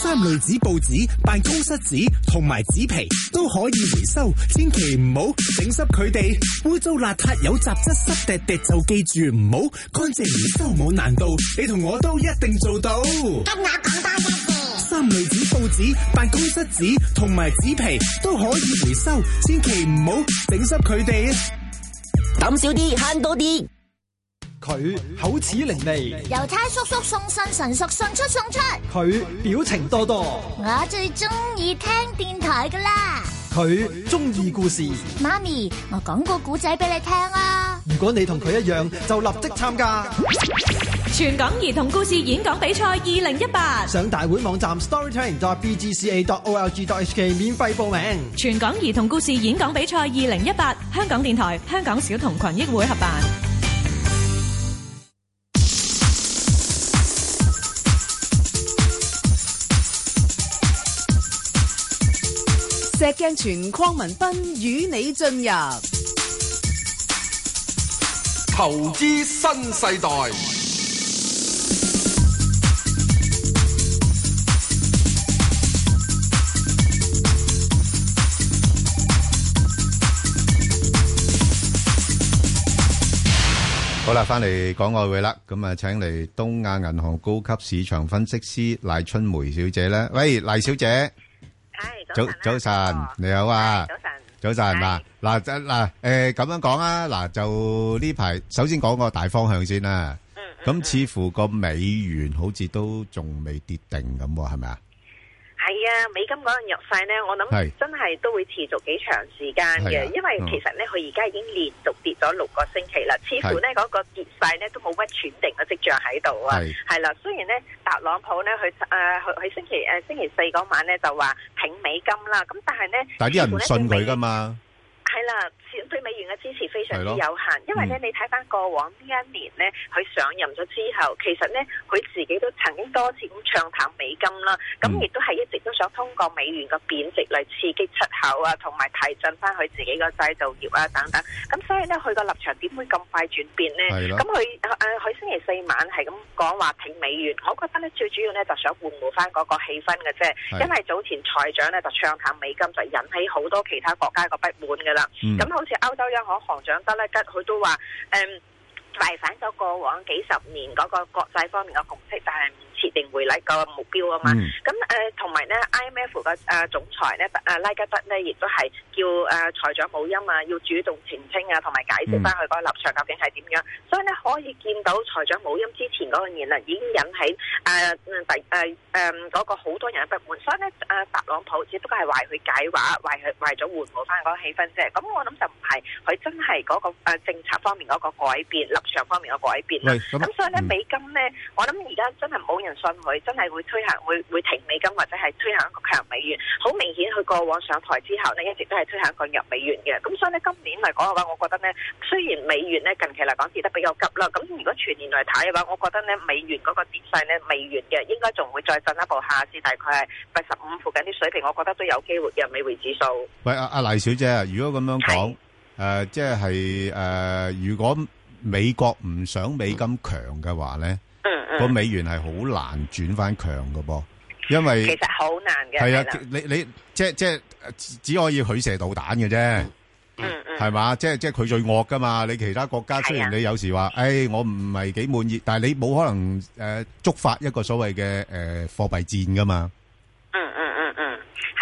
三類紙、報紙、辦公室紙同埋紙皮都可以回收，千祈唔好整濕佢哋。污糟邋遢有雜質、濕滴滴就記住唔好。乾淨回收冇難度，你同我都一定做到。今日講多謝。三類紙、報紙、辦公室紙同埋紙皮都可以回收，千祈唔好整濕佢哋。抌少啲，慳多啲。佢口齒伶俐，郵差叔叔送信，神速送出送出。佢表情多多，我最中意聽電台噶啦。佢中意故事，媽咪，我講個故仔俾你聽啊！如果你同佢一樣，就立即參加全港兒童故事演講比賽二零一八。上大會網站 storytelling.bgca.org.hk 免費報名。全港兒童故事演講比賽二零一八，香港電台、香港小童群益會合辦。石鏡泉鄺民彬與你進入投資新世代。好啦，翻嚟講外匯啦，咁啊，請嚟東亞銀行高級市場分析師賴春梅小姐咧。喂，賴小姐。係早,早,早晨，你好啊，早晨，早晨係嘛？嗱，嗱，誒，咁樣講啊，嗱，就呢排首先講個大方向先啦。嗯。咁似乎個美元好似都仲未跌定咁，係咪啊？係啊，美金嗰個弱勢咧，我諗真係都會持續幾長時間嘅、啊，因為其實咧佢而家已經連續跌咗六個星期啦，似乎咧嗰、啊那個跌勢咧都冇乜轉定嘅跡象喺度啊。係啦、啊，雖然咧特朗普咧佢誒佢佢星期誒、呃、星期四嗰晚咧就話挺美金啦，咁但係咧，但係啲人唔信佢噶嘛？係啦。對美元嘅支持非常之有限，因為呢你睇翻過往呢一年呢，佢上任咗之後，其實呢佢自己都曾經多次咁唱淡美金啦，咁、嗯、亦都係一直都想通過美元嘅貶值嚟刺激出口啊，同埋提振翻佢自己嘅製造業啊等等。咁所以呢，佢個立場點會咁快轉變呢？咁佢誒佢星期四晚係咁講話挺美元，我覺得呢，最主要呢，就想緩和翻嗰個氣氛嘅啫，因為早前財長呢就唱淡美金就引起好多其他國家嘅不滿嘅啦，咁、嗯、好。好似歐洲央行行長德拉吉他說，佢都話：「誒，違反咗過往幾十年嗰個國際方面嘅共識，但係……」設定匯率個目標啊嘛，咁誒同埋咧 IMF 嘅誒、呃、總裁咧誒、呃、拉加德咧，亦都係叫誒財、呃、長冇音啊，要主動澄清啊，同埋解釋翻佢嗰個立場究竟係點樣、嗯。所以咧可以見到財長冇音之前嗰個言論已經引起誒第誒誒嗰個好多人嘅不滿。所以咧誒、呃、特朗普只不過係為佢解話，為佢為咗緩和翻嗰個氣氛啫。咁我諗就唔係佢真係嗰個政策方面嗰個改變，立場方面嘅改變啦。咁、嗯、所以咧美金咧，我諗而家真係冇。人信佢真係會推行，會會停美金或者係推行一個強美元。好明顯，佢過往上台之後呢，一直都係推行一個弱美元嘅。咁所以呢，今年嚟講嘅話，我覺得呢，雖然美元呢近期嚟講跌得比較急啦，咁如果全年嚟睇嘅話，我覺得呢，美元嗰個跌勢呢，美元嘅應該仲會再進一步下至大概係八十五附近啲水平，我覺得都有機會嘅。美匯指數。喂，阿阿麗小姐啊，如果咁樣講，誒、呃，即係誒，如果美國唔想美金強嘅話呢。個、嗯嗯、美元係好難轉翻強噶噃，因為其實好難嘅，係啊，你你即即只可以許射導彈嘅啫，係、嗯、嘛，即即佢最惡噶嘛，你其他國家雖然你有時話，誒、哎，我唔係幾滿意，但係你冇可能誒觸、呃、發一個所謂嘅誒貨幣戰噶嘛。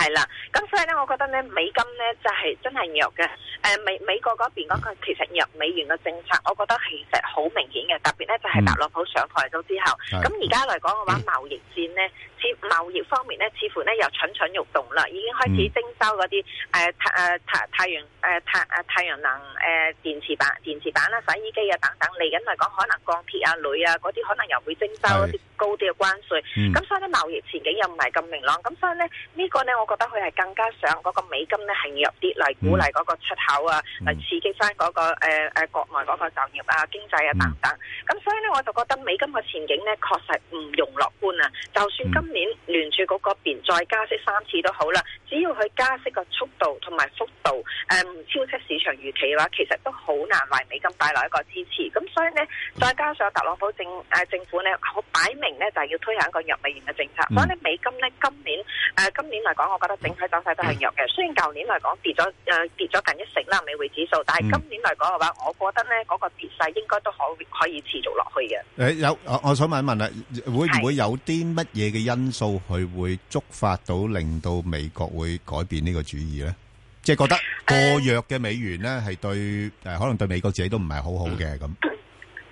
係啦，咁所以咧，我覺得咧，美金咧就係、是、真係弱嘅。誒、呃，美美國嗰邊嗰個其實弱美元嘅政策，我覺得其實好明顯嘅。特別咧就係特朗普上台咗之後，咁而家嚟講嘅話，貿易戰咧。啲貿易方面咧，似乎咧又蠢蠢欲動啦，已經開始徵收嗰啲誒誒太太陽誒太誒太陽能誒、呃、電池板電池板啦、洗衣機啊等等。嚟緊嚟講，可能鋼鐵啊、鋁啊嗰啲，可能又會徵收一啲高啲嘅關稅。咁、嗯、所以咧貿易前景又唔係咁明朗。咁所以咧呢個咧，我覺得佢係更加想嗰個美金咧行入啲嚟鼓勵嗰個出口啊，嚟、嗯、刺激翻嗰、那個誒誒、呃、國內嗰個就業啊、經濟啊等等。咁、嗯、所以咧，我就覺得美金嘅前景咧確實唔容樂觀啊。就算今年聯儲局嗰邊再加息三次都好啦，只要佢加息個速度同埋幅度誒唔、嗯、超出市場預期嘅話，其實都好難為美金帶來一個支持。咁所以呢，再加上特朗普政誒政府呢，我擺明呢就係、是、要推行一個弱美元嘅政策。嗯、所以呢，美金呢，今年誒、呃、今年嚟講，我覺得整體走勢都係弱嘅。嗯、雖然舊年嚟講跌咗誒、呃、跌咗近一成啦，美匯指數，但係今年嚟講嘅話，我覺得呢嗰、那個跌勢應該都可以可以持續落去嘅。誒有我想問一問啊，會唔會有啲乜嘢嘅因素？因素佢會觸發到，令到美國會改變呢個主意咧，即係覺得過弱嘅美元咧，係對誒，可能對美國自己都唔係好好嘅咁。嗯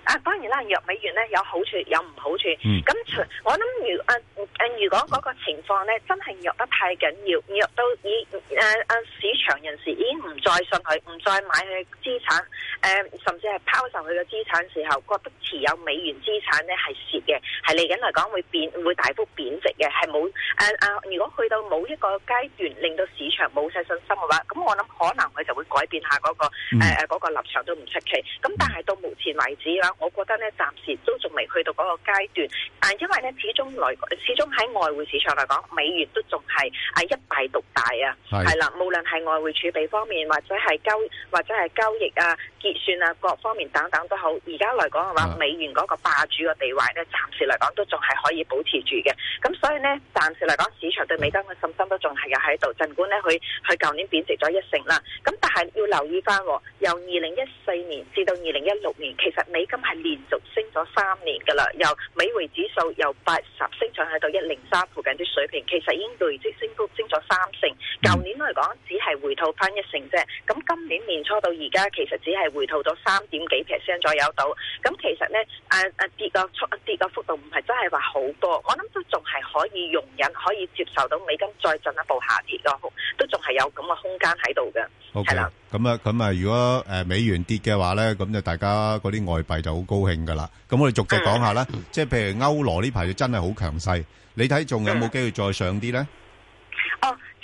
啊，當然啦，弱美元咧有好處有唔好處。咁除我諗，如啊啊，如果嗰個情況咧真係弱得太緊要，弱到已誒誒市場人士已經唔再信佢，唔再買佢資產，誒、啊、甚至係拋售佢嘅資產時候，覺得持有美元資產咧係蝕嘅，係嚟緊嚟講會變會大幅貶值嘅，係冇誒誒。如果去到某一個階段，令到市場冇晒信心嘅話，咁我諗可能佢就會改變下嗰個誒誒嗰個立場都唔出奇。咁但係到目前為止啦。我覺得咧暫時都仲未去到嗰個階段，但因為咧始終來始終喺外匯市場嚟講，美元都仲係啊一霸獨大啊，係啦，無論係外匯儲備方面或者係交或者係交易啊結算啊各方面等等都好，而家嚟講嘅話，美元嗰個霸主嘅地位呢，暫時嚟講都仲係可以保持住嘅，咁所以呢，暫時嚟講，市場對美金嘅信心都仲係有喺度，盡管呢，佢佢舊年貶值咗一成啦，咁但係要留意翻由二零一四年至到二零一六年，其實美金係連續升咗三年噶啦，由美匯指數由八十升上去到一零三附近啲水平，其實已經累積升高升咗三成。舊、嗯、年嚟講只係回吐翻一成啫，咁今年年初到而家其實只係回吐咗三點幾 percent 左右度。咁其實咧，誒、啊、誒、啊、跌個挫跌個幅度唔係真係話好多，我諗都仲係可以容忍，可以接受到美金再進一步下跌個幅，都仲係有咁嘅空間喺度嘅，係、okay. 啦。咁啊，咁如果誒、呃、美元跌嘅話呢，咁就大家嗰啲外幣就好高興㗎啦。咁我哋逐隻講下啦，即係譬如歐羅呢排真係好強勢，你睇仲有冇機會再上啲呢？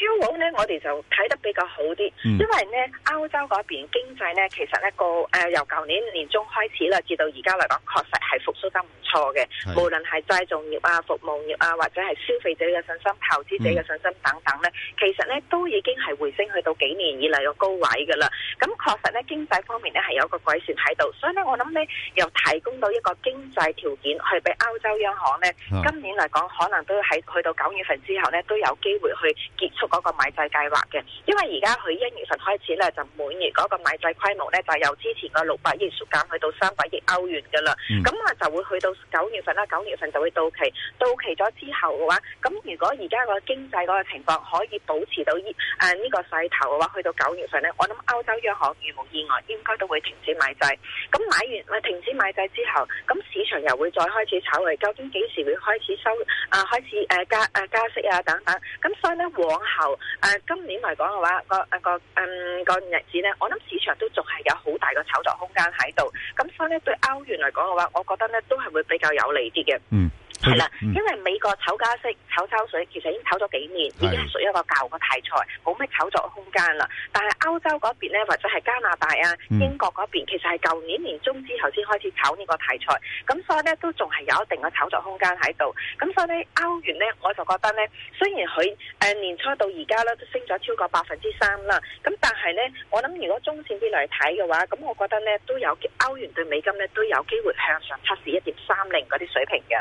e 我哋就睇得比較好啲，因為咧歐洲嗰邊經濟咧，其實呢個誒由舊年年中開始啦，至到而家嚟講，確實係復甦得唔錯嘅。無論係製造業啊、服務業啊，或者係消費者嘅信心、投資者嘅信心等等呢，其實呢都已經係回升去到幾年以嚟嘅高位㗎啦。咁確實呢，經濟方面呢係有個改善喺度，所以呢，我諗呢又提供到一個經濟條件去俾歐洲央行呢。今年嚟講可能都喺去到九月份之後呢，都有機會去結束。嗰、那個買債計劃嘅，因為而家佢一月份開始咧，就每月嗰個買債規模咧就由之前個六百億縮減去到三百億歐元噶啦，咁、嗯、啊就會去到九月份啦，九月份就會到期，到期咗之後嘅話，咁如果而家個經濟嗰個情況可以保持到呢誒呢個勢頭嘅話，去到九月份咧，我諗歐洲央行如無意外應該都會停止買債，咁買完咪停止買債之後，咁市場又會再開始炒嚟，究竟幾時會開始收啊、呃、開始加加息啊等等、等等，咁所以咧往。後，誒今年嚟講嘅話，個誒個嗯個日子咧，我諗市場都仲係有好大嘅炒作空間喺度，咁所以咧對歐元嚟講嘅話，我覺得咧都係會比較有利啲嘅。嗯。係啦，因為美國炒加息、炒抽水，其實已經炒咗幾年，已經屬於一個舊嘅題材，冇乜炒作空間啦。但係歐洲嗰邊呢，或者係加拿大啊、英國嗰邊，其實係舊年年中之後先開始炒呢個題材，咁所以呢，都仲係有一定嘅炒作空間喺度。咁所以呢，歐元呢，我就覺得呢，雖然佢誒年初到而家呢都升咗超過百分之三啦，咁但係呢，我諗如果中線啲嚟睇嘅話，咁我覺得呢，都有歐元對美金呢，都有機會向上測試一點三零嗰啲水平嘅。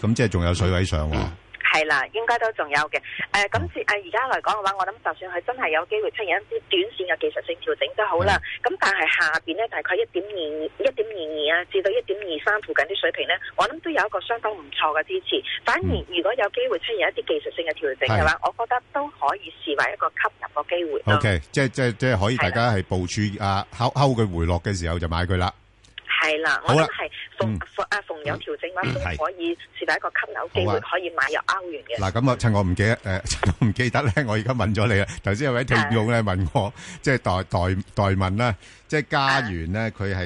咁即係仲有水位上喎、啊，係、嗯、啦，應該都仲有嘅。咁而家嚟講嘅話，我諗就算佢真係有機會出現一啲短線嘅技術性調整都好啦。咁但係下面咧，大概一點二一點二二啊，至到一點二三附近啲水平咧，我諗都有一個相當唔錯嘅支持。反而如果有機會出現一啲技術性嘅調整嘅話，我覺得都可以視為一個吸入嘅機會。O、okay, K，、嗯、即係即即可以大家係部署啊，睺佢回落嘅時候就買佢啦。係啦，我覺得係逢逢啊逢有調整，我都可以視為一個吸樓機會，可以買入歐元嘅。嗱，咁啊趁我唔記得誒唔記得咧，我而家問咗你啦。頭先有位聽眾咧問我，即係代代代問啦，即係加元咧，佢係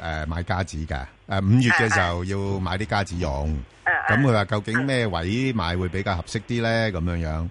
要誒買加紙噶誒，五月嘅時候要買啲加紙用。咁佢話究竟咩位買會比較合適啲咧？咁樣樣。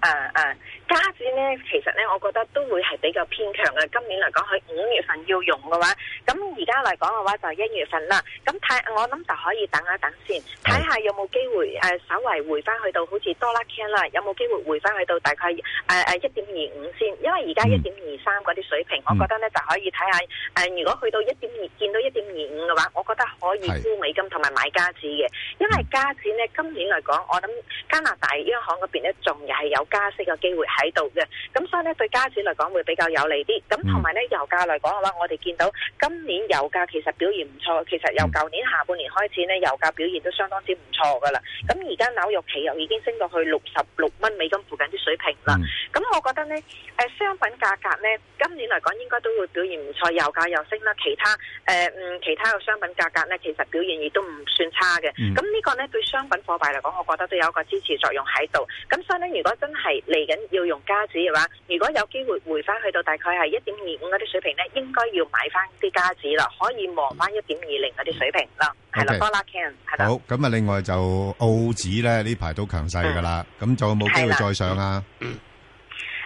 誒誒，加。咧，其實咧，我覺得都會係比較偏強嘅。今年嚟講，佢五月份要用嘅話，咁而家嚟講嘅話就一月份啦。咁睇，我諗就可以等一等先，睇下有冇機會誒、呃，稍微回翻去到好似多啦 can 啦，有冇機會回翻去到大概誒誒一點二五先。因為而家一點二三嗰啲水平，我覺得咧、嗯、就可以睇下誒、呃，如果去到一點二，見到一點二五嘅話，我覺得可以沽美金同埋買加紙嘅。因為加紙呢，今年嚟講，我諗加拿大央行嗰邊咧，仲係有加息嘅機會喺度嘅。咁所以咧，對加紙嚟講會比較有利啲。咁同埋咧，油價嚟講嘅話，我哋見到今年油價其實表現唔錯。其實由舊年下半年開始咧，油價表現都相當之唔錯噶啦。咁而家紐約期油已經升到去六十六蚊美金附近啲水平啦。咁我覺得呢，誒、呃，商品價格呢，今年嚟講應該都會表現唔錯。油價又升啦，其他誒，嗯、呃，其他嘅商品價格呢，其實表現亦都唔算差嘅。咁、嗯、呢個呢，對商品貨幣嚟講，我覺得都有一個支持作用喺度。咁所以呢，如果真係嚟緊要用加紙嘅，如果有機會回翻去到大概係一點二五嗰啲水平咧，應該要買翻啲加紙啦，可以磨翻一點二零嗰啲水平啦，係、okay. 啦。好啦 Ken 好，咁啊，另外就澳紙咧，呢排都強勢噶啦，咁、嗯、就有冇機會再上啊？嗯，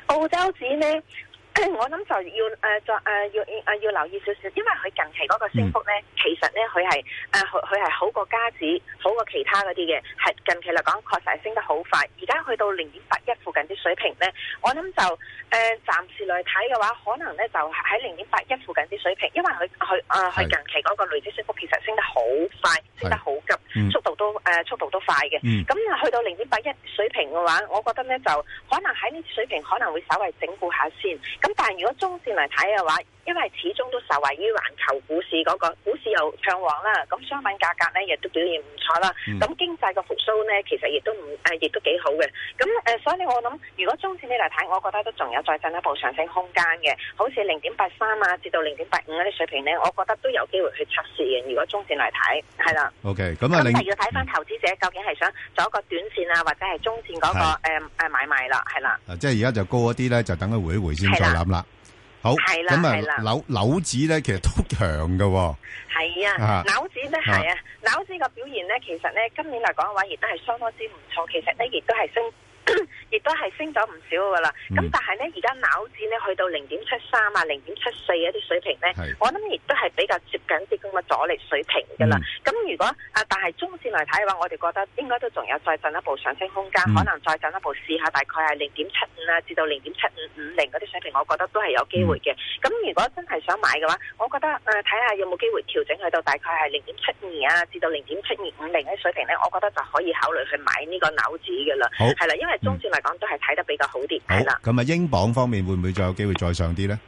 澳洲紙咧。我諗就要誒，就、呃、誒、呃呃、要誒、呃、要留意少少，因為佢近期嗰個升幅咧、嗯，其實咧，佢係誒，佢佢係好過家指，好過其他嗰啲嘅，係近期嚟講確實係升得好快。而家去到零點八一附近啲水平咧，我諗就誒、呃、暫時嚟睇嘅話，可能咧就喺零點八一附近啲水平，因為佢佢誒佢近期嗰個累積升幅其實升得好快，升得好急、嗯，速度都誒、呃、速度都快嘅。咁、嗯、去到零點八一水平嘅話，我覺得咧就可能喺呢啲水平可能會稍微整固一下先。咁但係如果中線嚟睇嘅話，因為始終都受惠於環球股市嗰、那個股市又暢旺啦，咁商品價格咧亦都表現唔錯啦。咁、嗯、經濟嘅復蘇咧，其實亦都唔誒，亦都幾好嘅。咁誒、呃，所以我諗如果中線你嚟睇，我覺得都仲有再進一步上升空間嘅。好似零點八三啊，至到零點八五嗰啲水平咧，我覺得都有機會去測試嘅。如果中線嚟睇，係啦。O K. 咁啊，咁係要睇翻投資者究竟係想做一個短線啊，或者係中線嗰、那個誒誒、呃、買賣啦，係啦、啊。即係而家就高一啲咧，就等佢回一回先再諗啦。好係啦，咁啊，柳紐呢咧，其實都強喎。係啊，啊，柳子咧係啊，柳子嘅表現咧，其實咧今年嚟講嘅話，亦都係相當之唔錯。其實咧，亦都係升。亦都係升咗唔少噶啦，咁、嗯、但係呢，而家扭子呢，去到零點七三啊、零點七四嗰啲水平呢，我諗亦都係比較接近啲咁嘅阻力水平噶啦。咁、嗯、如果啊，但係中線嚟睇嘅話，我哋覺得應該都仲有再進一步上升空間、嗯，可能再進一步試下大概係零點七五啊，至到零點七五五零嗰啲水平，我覺得都係有機會嘅。咁、嗯、如果真係想買嘅話，我覺得誒睇下有冇機會調整去到大概係零點七二啊，至到零點七二五零啲水平呢，我覺得就可以考慮去買呢個扭子噶啦。好，係啦，因為中線嚟。講都係睇得比較好啲，係啦。咁啊，英鎊方面會唔會再有機會再上啲咧？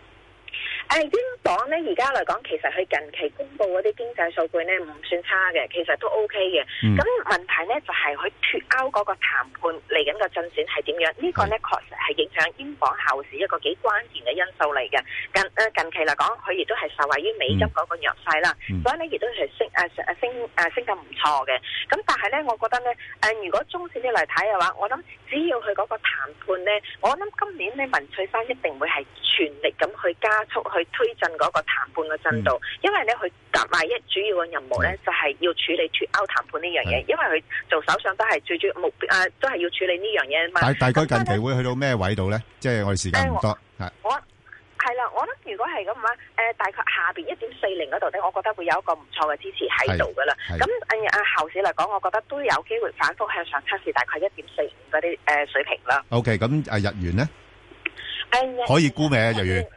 誒、呃，英鎊咧，而家嚟講，其實佢近期公布嗰啲經濟數據咧，唔算差嘅，其實都 OK 嘅。咁、嗯、問題咧就係佢脱歐嗰個談判嚟緊嘅進展係點樣？這個、呢個咧確實係影響英鎊後市一個幾關鍵嘅因素嚟嘅。近誒、呃、近期嚟講，佢亦都係受惠於美金嗰個弱勢啦、嗯，所以咧亦都係升誒、啊、升、啊、升誒、啊、升得唔錯嘅。咁但係咧，我覺得咧誒、呃，如果中線啲嚟睇嘅話，我諗只要佢嗰個談判咧，我諗今年咧文翠珊一定會係全力咁去加速去。去推進嗰個談判嘅進度，因為咧佢夾埋一主要嘅任務咧，就係要處理脱歐談判呢樣嘢。因為佢做首相都係最主要目標，誒，都係要處理呢樣嘢。大大概近期會去到咩位度咧？即係、就是、我哋時間唔多。係我係啦，我諗如果係咁話，誒，大概下邊一點四零嗰度咧，我覺得會有一個唔錯嘅支持喺度噶啦。咁按按後市嚟講，我覺得都有機會反覆向上測試，大概一點四五嗰啲誒水平啦。O K，咁誒日元咧，可以估未？啊？日元？日元日元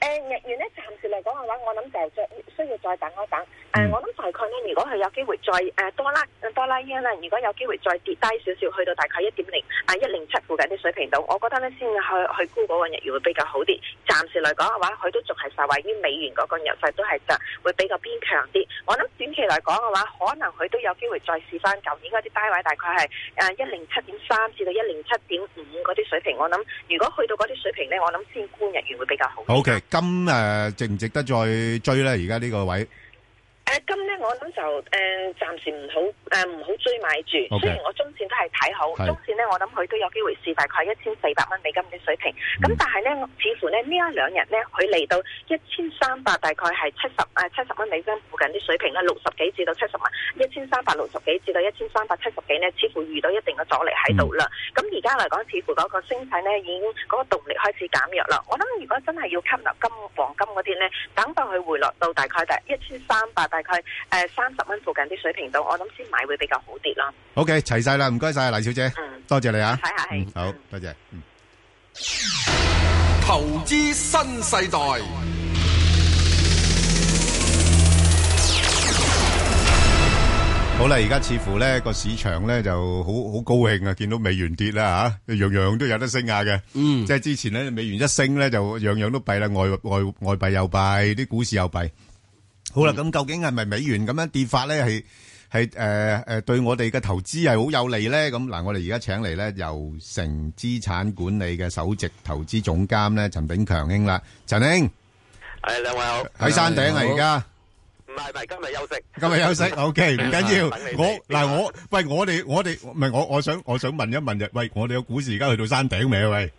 誒、呃，日元咧，暫時嚟講嘅話，我諗就係再需要再等一等。誒、嗯， 我諗大概呢，如果佢有機會再誒、呃、多拉多拉啲咧，如果有機會再跌低少少，去到大概一點零啊一零七附近啲水平度，我覺得呢，先去去沽嗰個日元會比較好啲。暫時嚟講嘅話，佢都仲係受惠於美元嗰個人勢，都係就會比較偏強啲。我諗短期嚟講嘅話，可能佢都有機會再試翻舊年嗰啲低位，大概係誒一零七點三至到一零七點五嗰啲水平。我諗如果去到嗰啲水平呢，我諗先沽日元會比較好。Ok，今誒、呃、值唔值得再追呢？而家呢個位？誒金咧，我諗就誒、呃、暫時唔好誒唔、呃、好追買住。Okay. 雖然我中線都係睇好，okay. 中線咧我諗佢都有機會試大概一千四百蚊美金嘅水平。咁、mm. 但係咧，似乎咧呢一兩日咧，佢嚟到一千三百，大概係七十誒七十蚊美金附近啲水平啦，六十幾至到七十萬，一千三百六十幾至到一千三百七十幾咧，似乎遇到一定嘅阻力喺度啦。咁而家嚟講，似乎嗰個升勢咧已經嗰個動力開始減弱啦。我諗如果真係要吸納金黃金嗰啲咧，等到佢回落到大概大一千三百。大概誒三十蚊附近啲水平度，我諗先買會比較好啲咯。OK，齊晒啦，唔該晒黎小姐，多謝你啊，係係，好多謝。投資新世代，好啦，而家似乎咧個市場咧就好好高興啊，見到美元跌啦吓，樣樣都有得升啊嘅，嗯，即係之前咧美元一升咧就樣樣都弊啦，外外外幣又弊，啲股市又弊。好啦，咁究竟係咪美元咁樣跌法咧？係係誒誒，對我哋嘅投資係好有利咧？咁嗱，我哋而家請嚟咧，由城資產管理嘅首席投資總監咧，陳炳強兄啦，陳兄，誒，兩位好喺山頂啊，而家唔係唔係，今日休息，今日休息，OK，唔緊要，我嗱我喂我哋我哋唔係我我想我想問一問就喂，我哋嘅股市而家去到山頂未啊喂？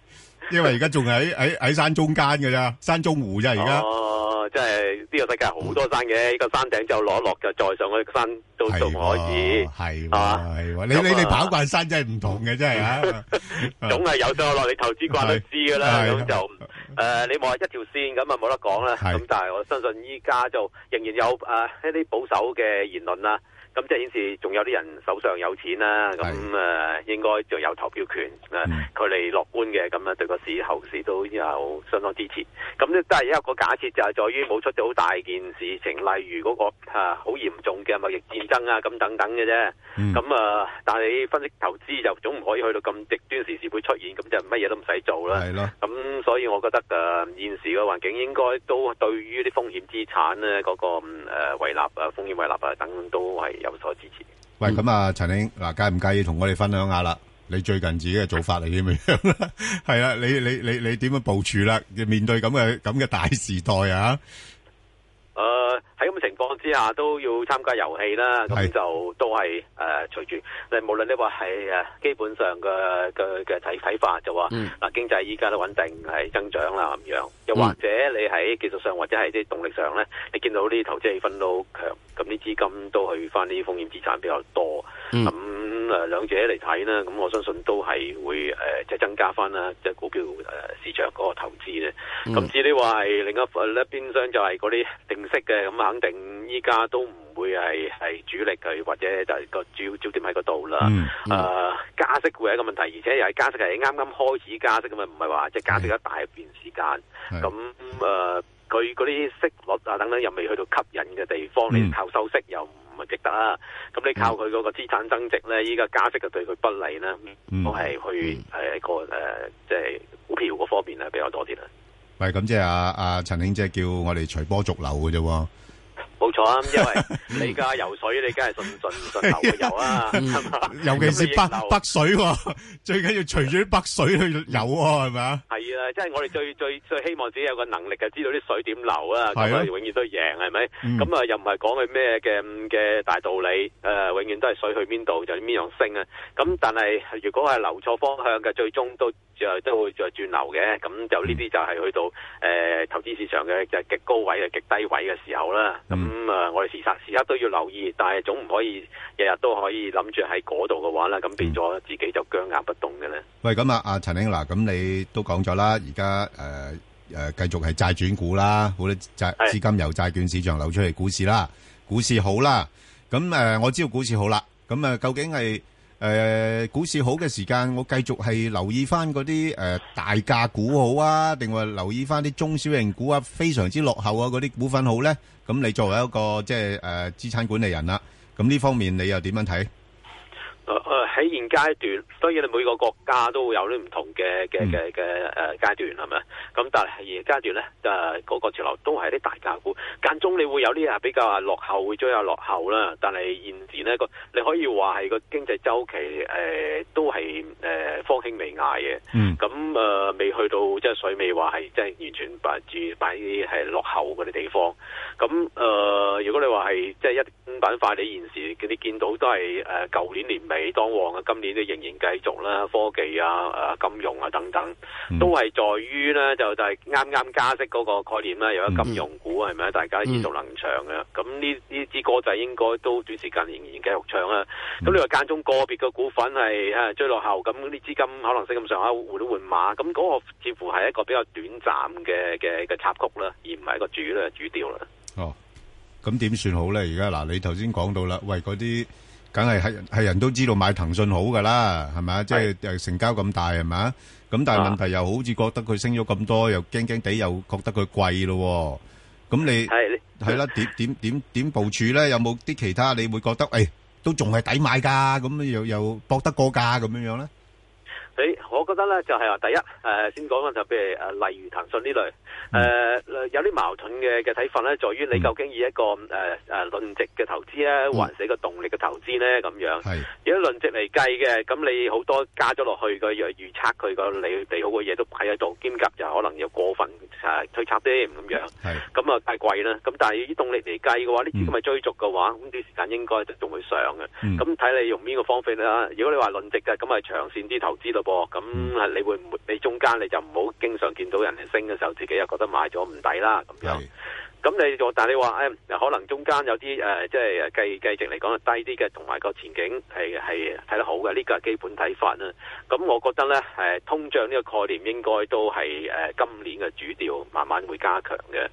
因為而家仲喺喺喺山中間嘅啫，山中湖啫而家。哦，即係呢個世界好多山嘅，呢、這個山頂就攞落就再上去山都還，都仲可以。係係、啊啊啊、你、啊、你你跑慣山真係唔同嘅，真、嗯、係啊！ 總係有得落，你投資慣都知噶啦。咁、嗯、就誒、啊呃，你冇話一條線咁啊，冇得講啦。咁但係我相信依家就仍然有誒一啲保守嘅言論啦、啊。咁即係顯示仲有啲人手上有錢啦、啊，咁誒、嗯、應該仲有投票權，誒佢哋樂觀嘅，咁啊對個市後市都有相當支持。咁即都係一個假設，就係在於冇出咗好大件事情，例如嗰、那個好、啊、嚴重嘅貿易戰爭啊，咁等等嘅啫。咁、嗯、啊、嗯嗯，但係分析投資就總唔可以去到咁極端時時會出現，咁就乜嘢都唔使做啦。咯。咁、嗯、所以我覺得誒、啊、現時嘅環境應該都對於啲風險資產咧嗰、那個胃納、呃、風險胃納啊等都係有。有所支持。嗯、喂，咁啊，陳警嗱，介唔介意同我哋分享下啦？你最近自己嘅做法係啲咩樣啦？係啦，你你你你點樣部署啦？面對咁嘅咁嘅大時代啊！誒、uh...。喺咁嘅情況之下都要參加遊戲啦，咁就都係誒、呃、隨住。你無論你話係誒基本上嘅嘅嘅睇睇法就話，嗱、嗯、經濟依家都穩定係增長啦咁樣。又、嗯、或者你喺技術上或者係啲動力上咧，你見到啲投資氣氛都好強，咁啲資金都去翻啲風險資產比較多。咁、嗯嗯、兩者嚟睇啦，咁我相信都係會誒即係增加翻啦，即、就、係、是、股票市場嗰個投資咧。咁、嗯、至你話係另一邊廂就係嗰啲定息嘅咁啊。肯定依家都唔會係係主力佢，或者就係個主要焦點喺嗰度啦。誒、嗯嗯呃，加息會係一個問題，而且又係加息係啱啱開始加息咁啊，唔係話即係加息一大一段時間。咁誒，佢嗰啲息率啊等等又未去到吸引嘅地方，嗯，你靠收息又唔係值得啊。咁你靠佢嗰個資產增值咧，依家加息就對佢不利咧，都、嗯、係去係一個誒，即、嗯、係、啊，就是、股票嗰方面咧比較多啲啦。唔係咁，即係阿阿陳慶姐叫我哋隨波逐流嘅啫。冇錯啊，因為你家游水你順順、啊，你梗係順順順流去游啊，尤其是北 北水、啊、最緊要隨住北水去游啊，係 咪啊？係、就、啊、是，即係我哋最最最希望自己有個能力嘅，知道啲水點流啊，咁啊，永遠都贏係咪？咁啊，嗯、又唔係講佢咩嘅嘅大道理誒、呃，永遠都係水去邊度就邊、是、樣升啊。咁但係如果係流錯方向嘅，最終都。之後都會再轉流嘅，咁就呢啲就係去到誒、嗯呃、投資市場嘅就極、是、高位啊、極低位嘅時候啦。咁、嗯、啊，我哋時刻時刻都要留意，但係總唔可以日日都可以諗住喺嗰度嘅話啦，咁變咗自己就僵硬不動嘅咧、嗯。喂，咁啊，阿陳兄嗱，咁你都講咗啦，而家誒誒繼續係債轉股啦，好多債資金由債券市場流出嚟股市啦，股市好啦，咁誒、呃、我知道股市好啦，咁誒、呃、究竟係？誒、呃，股市好嘅時間，我繼續係留意翻嗰啲誒大價股好啊，定話留意翻啲中小型股啊，非常之落後啊嗰啲股份好咧。咁你作為一個即係誒資產管理人啦、啊，咁呢方面你又點樣睇？誒誒喺現階段，所以你每個國家都會有啲唔同嘅嘅嘅嘅誒階段，係咪？咁但係現階段呢，誒、呃、嗰個潮流都係啲大價股，間中你會有啲啊比較落後，會追有落後啦。但係現時呢個你可以話係個經濟周期誒、呃、都係誒、呃、方興未艾嘅，咁、嗯、未、呃、去到即係、就是、水尾話係即係完全擺住擺喺落後嗰啲地方。咁誒、呃、如果你話係即係一啲板塊，你現時你見到都係誒舊年年尾。幾多旺啊！今年都仍然繼續啦，科技啊、啊金融啊等等，嗯、都係在於呢，就就係啱啱加息嗰個概念啦。又有金融股係咪、嗯、大家耳熟能詳嘅？咁呢呢支歌仔係應該都短時間仍然繼續唱啊。咁、嗯、你話間中個別嘅股份係誒追落後，咁啲資金可能升咁上下換都換馬，咁嗰個似乎係一個比較短暫嘅嘅嘅插曲啦，而唔係一個主嘅主調啦。哦，咁點算好呢？而家嗱，你頭先講到啦，喂嗰啲。梗係係係人都知道買騰訊好噶啦，係咪？即係成交咁大，係咪？咁但係問題又好似覺得佢升咗咁多，又驚驚地，又覺得佢貴咯。咁你係係啦？點點點點部署咧？有冇啲其他你會覺得誒，都仲係抵買噶？咁又又博得過價咁樣樣咧？誒，我覺得咧就係話第一誒，先講咧就譬如誒，例如騰訊呢類。誒、呃，有啲矛盾嘅嘅睇法咧，在於你究竟以一個誒誒論值嘅投資咧，還是一個動力嘅投資咧？咁樣、嗯，如果論值嚟計嘅，咁你，你，你好多加咗落去嘅預預測佢個你哋好嘅嘢都擺喺度，兼及就可能有過分、啊、推測啲咁樣，咁、嗯、啊太貴啦。咁但係以動力嚟計嘅話，呢如咁咪追逐嘅話，咁段時間應該就仲會上嘅。咁睇你用邊個方法啦。如果你話論、嗯嗯、值嘅，咁咪長線啲投資咯噃。咁你會唔會你中間你就唔好經常見到人哋升嘅時候，自己一個。買咗唔抵啦，咁樣咁你就但你話、哎、可能中間有啲、呃、即係計計值嚟講係低啲嘅，同埋個前景係係睇得好嘅，呢、呢個係基本睇法啦。咁我覺得咧、呃，通脹呢個概念應該都係、呃、今年嘅主調，慢慢會加強嘅。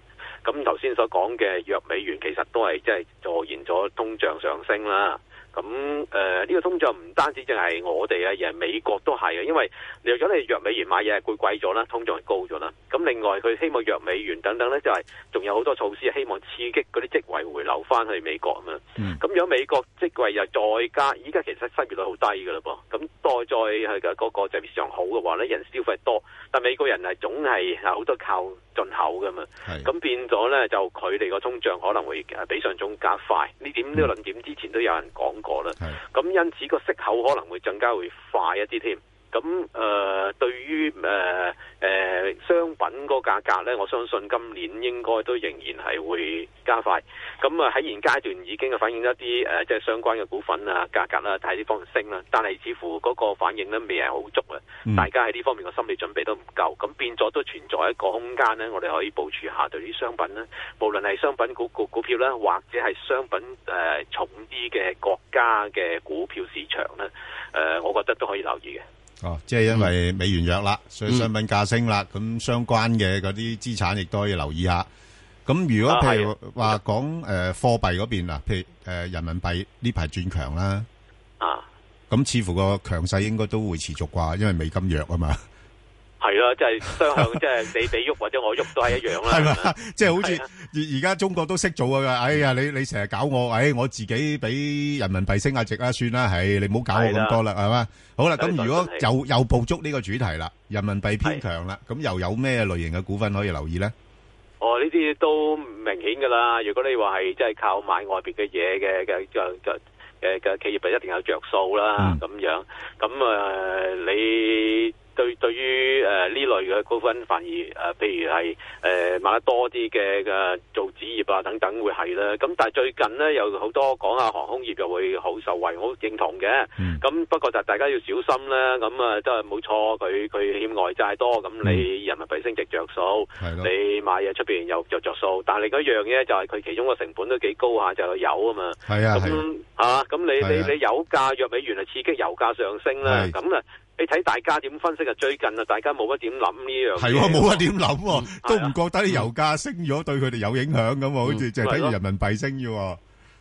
咁頭先所講嘅弱美元其實都係即係助燃咗通脹上升啦。咁誒呢個通脹唔單止淨係我哋啊，而係美國都係嘅，因為如果你弱美元買嘢，佢貴咗啦，通脹係高咗啦。咁另外佢希望弱美元等等咧，就係、是、仲有好多措施，希望刺激嗰啲職位流回流翻去美國啊嘛。咁、嗯、如果美國職位又再加，依家其實失業率低好低㗎啦噃。咁再再係個個就業市場好嘅話咧，人消費多，但美國人係總係好多靠進口㗎嘛。咁變咗咧就佢哋個通脹可能會比上仲加快。呢點呢、嗯這個論點之前都有人講。過啦，咁因此個息口可能會增加會快一啲添。咁誒、呃，對於誒誒、呃呃，商品嗰個價格咧，我相信今年應該都仍然係會加快。咁啊，喺、呃、現階段已經反映一啲誒，即、呃、係、就是、相關嘅股份啊，價格啦、啊，睇呢方面升啦。但係似乎嗰個反應咧，未係好足啊。大家喺呢方面嘅心理準備都唔夠，咁變咗都存在一個空間咧。我哋可以部署下對啲商品咧，無論係商品股股股票啦或者係商品誒、呃、重啲嘅國家嘅股票市場咧，誒、呃，我覺得都可以留意嘅。哦，即係因為美元弱啦，嗯、所以商品價升啦，咁、嗯、相關嘅嗰啲資產亦都可以留意下。咁如果譬如話講誒貨幣嗰邊嗱，譬如誒、呃、人民幣呢排轉強啦，啊，咁似乎個強勢應該都會持續啩，因為美金弱啊嘛。係咯，即係雙向，即係你你喐或者我喐都係一樣啦。係嘛，即係好似而而家中國都識做噶。哎呀，你你成日搞我，哎，我自己俾人民幣升下值啦，算啦，唉，你唔好搞我咁多啦，係嘛。好啦，咁如果又又捕捉呢個主題啦，人民幣偏強啦，咁又有咩類型嘅股份可以留意咧？哦，呢啲都唔明顯噶啦。如果你話係即係靠買外邊嘅嘢嘅嘅嘅嘅企業，就一定有着數啦。咁樣咁啊，你。對，對於誒呢類嘅股份，反而誒譬如係、呃、買得多啲嘅嘅造紙業啊等等會，會係啦。咁但係最近呢，有好多講下航空業又會好受惠，我認同嘅。咁、嗯、不過就大家要小心啦。咁啊都係冇錯，佢佢欠外債多，咁你人民幣升值着數，你買嘢出邊又着着數。但另一樣嘢就係、是、佢其中個成本都幾高下，就有油啊嘛。係啊，咁嚇咁你你你油價若美元嚟刺激油價上升啦。咁啊～你睇大家點分析啊？最近啊，大家冇乜點諗呢樣嘢，係喎，冇乜點諗，都唔覺得啲油價升咗對佢哋有影響咁、嗯，好似淨係睇住人民幣升啫喎。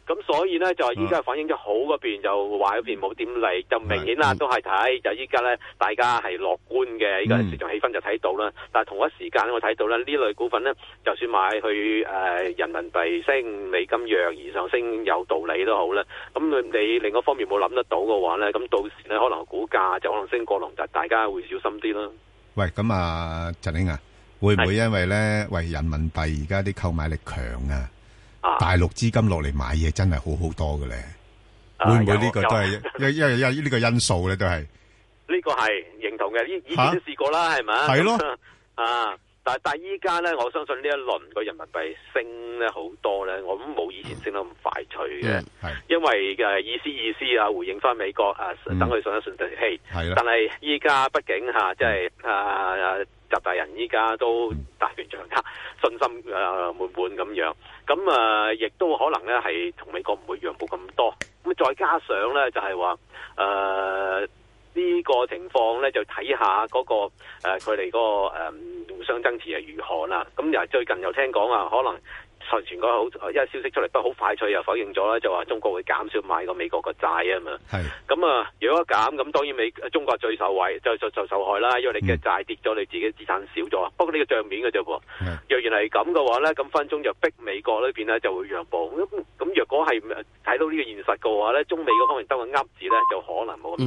咁所以咧就依家反映咗好嗰邊就話嗰邊冇點嚟，就明顯啦、嗯、都係睇就依家咧大家係樂觀嘅，依個市場氣氛就睇到啦、嗯。但係同一時間我睇到咧呢一類股份咧，就算買去誒、呃、人民幣升、美金弱而上升有道理都好啦。咁你，你另一方面冇諗得到嘅話咧，咁到時咧可能股價就可能升過龍，就大家會小心啲啦。喂，咁啊陳興啊，會唔會因為咧為人民幣而家啲購買力強啊？啊、大陸資金落嚟，買嘢，真係好好多嘅咧、啊，會唔會呢個都係因因為因呢個因素咧都係呢 個係認同嘅，以以前都試過啦，係咪係咯，啊！但但依家咧，我相信呢一輪個人民幣升咧好多咧，我諗冇以前升得咁快脆嘅，係、嗯、因為嘅意思意思啊，回應翻美國、嗯、啊，等佢上一順地氣，但係依家畢竟吓，即係啊習大人依家都大權在握、嗯，信心啊滿滿咁樣。咁啊，亦、呃、都可能咧，係同美國唔會讓步咁多。咁再加上咧，就係、是、話，誒、呃、呢、這個情況咧，就睇下嗰個誒佢哋嗰個誒互相爭持係如何啦。咁又係最近又聽講啊，可能。上前嗰好一消息出嚟，不過好快脆又否認咗啦，就話中國會減少買個美國個債啊嘛。係咁啊，如果減咁當然美中國最受惠就就，就受受害啦，因為你嘅債跌咗、嗯，你自己嘅資產少咗。不過呢個帳面嘅啫噃。若然係咁嘅話咧，咁分鐘就逼美國呢邊咧就會讓步。咁如若果係睇到呢個現實嘅話咧，中美嗰方面得個噏字咧就可能冇咁。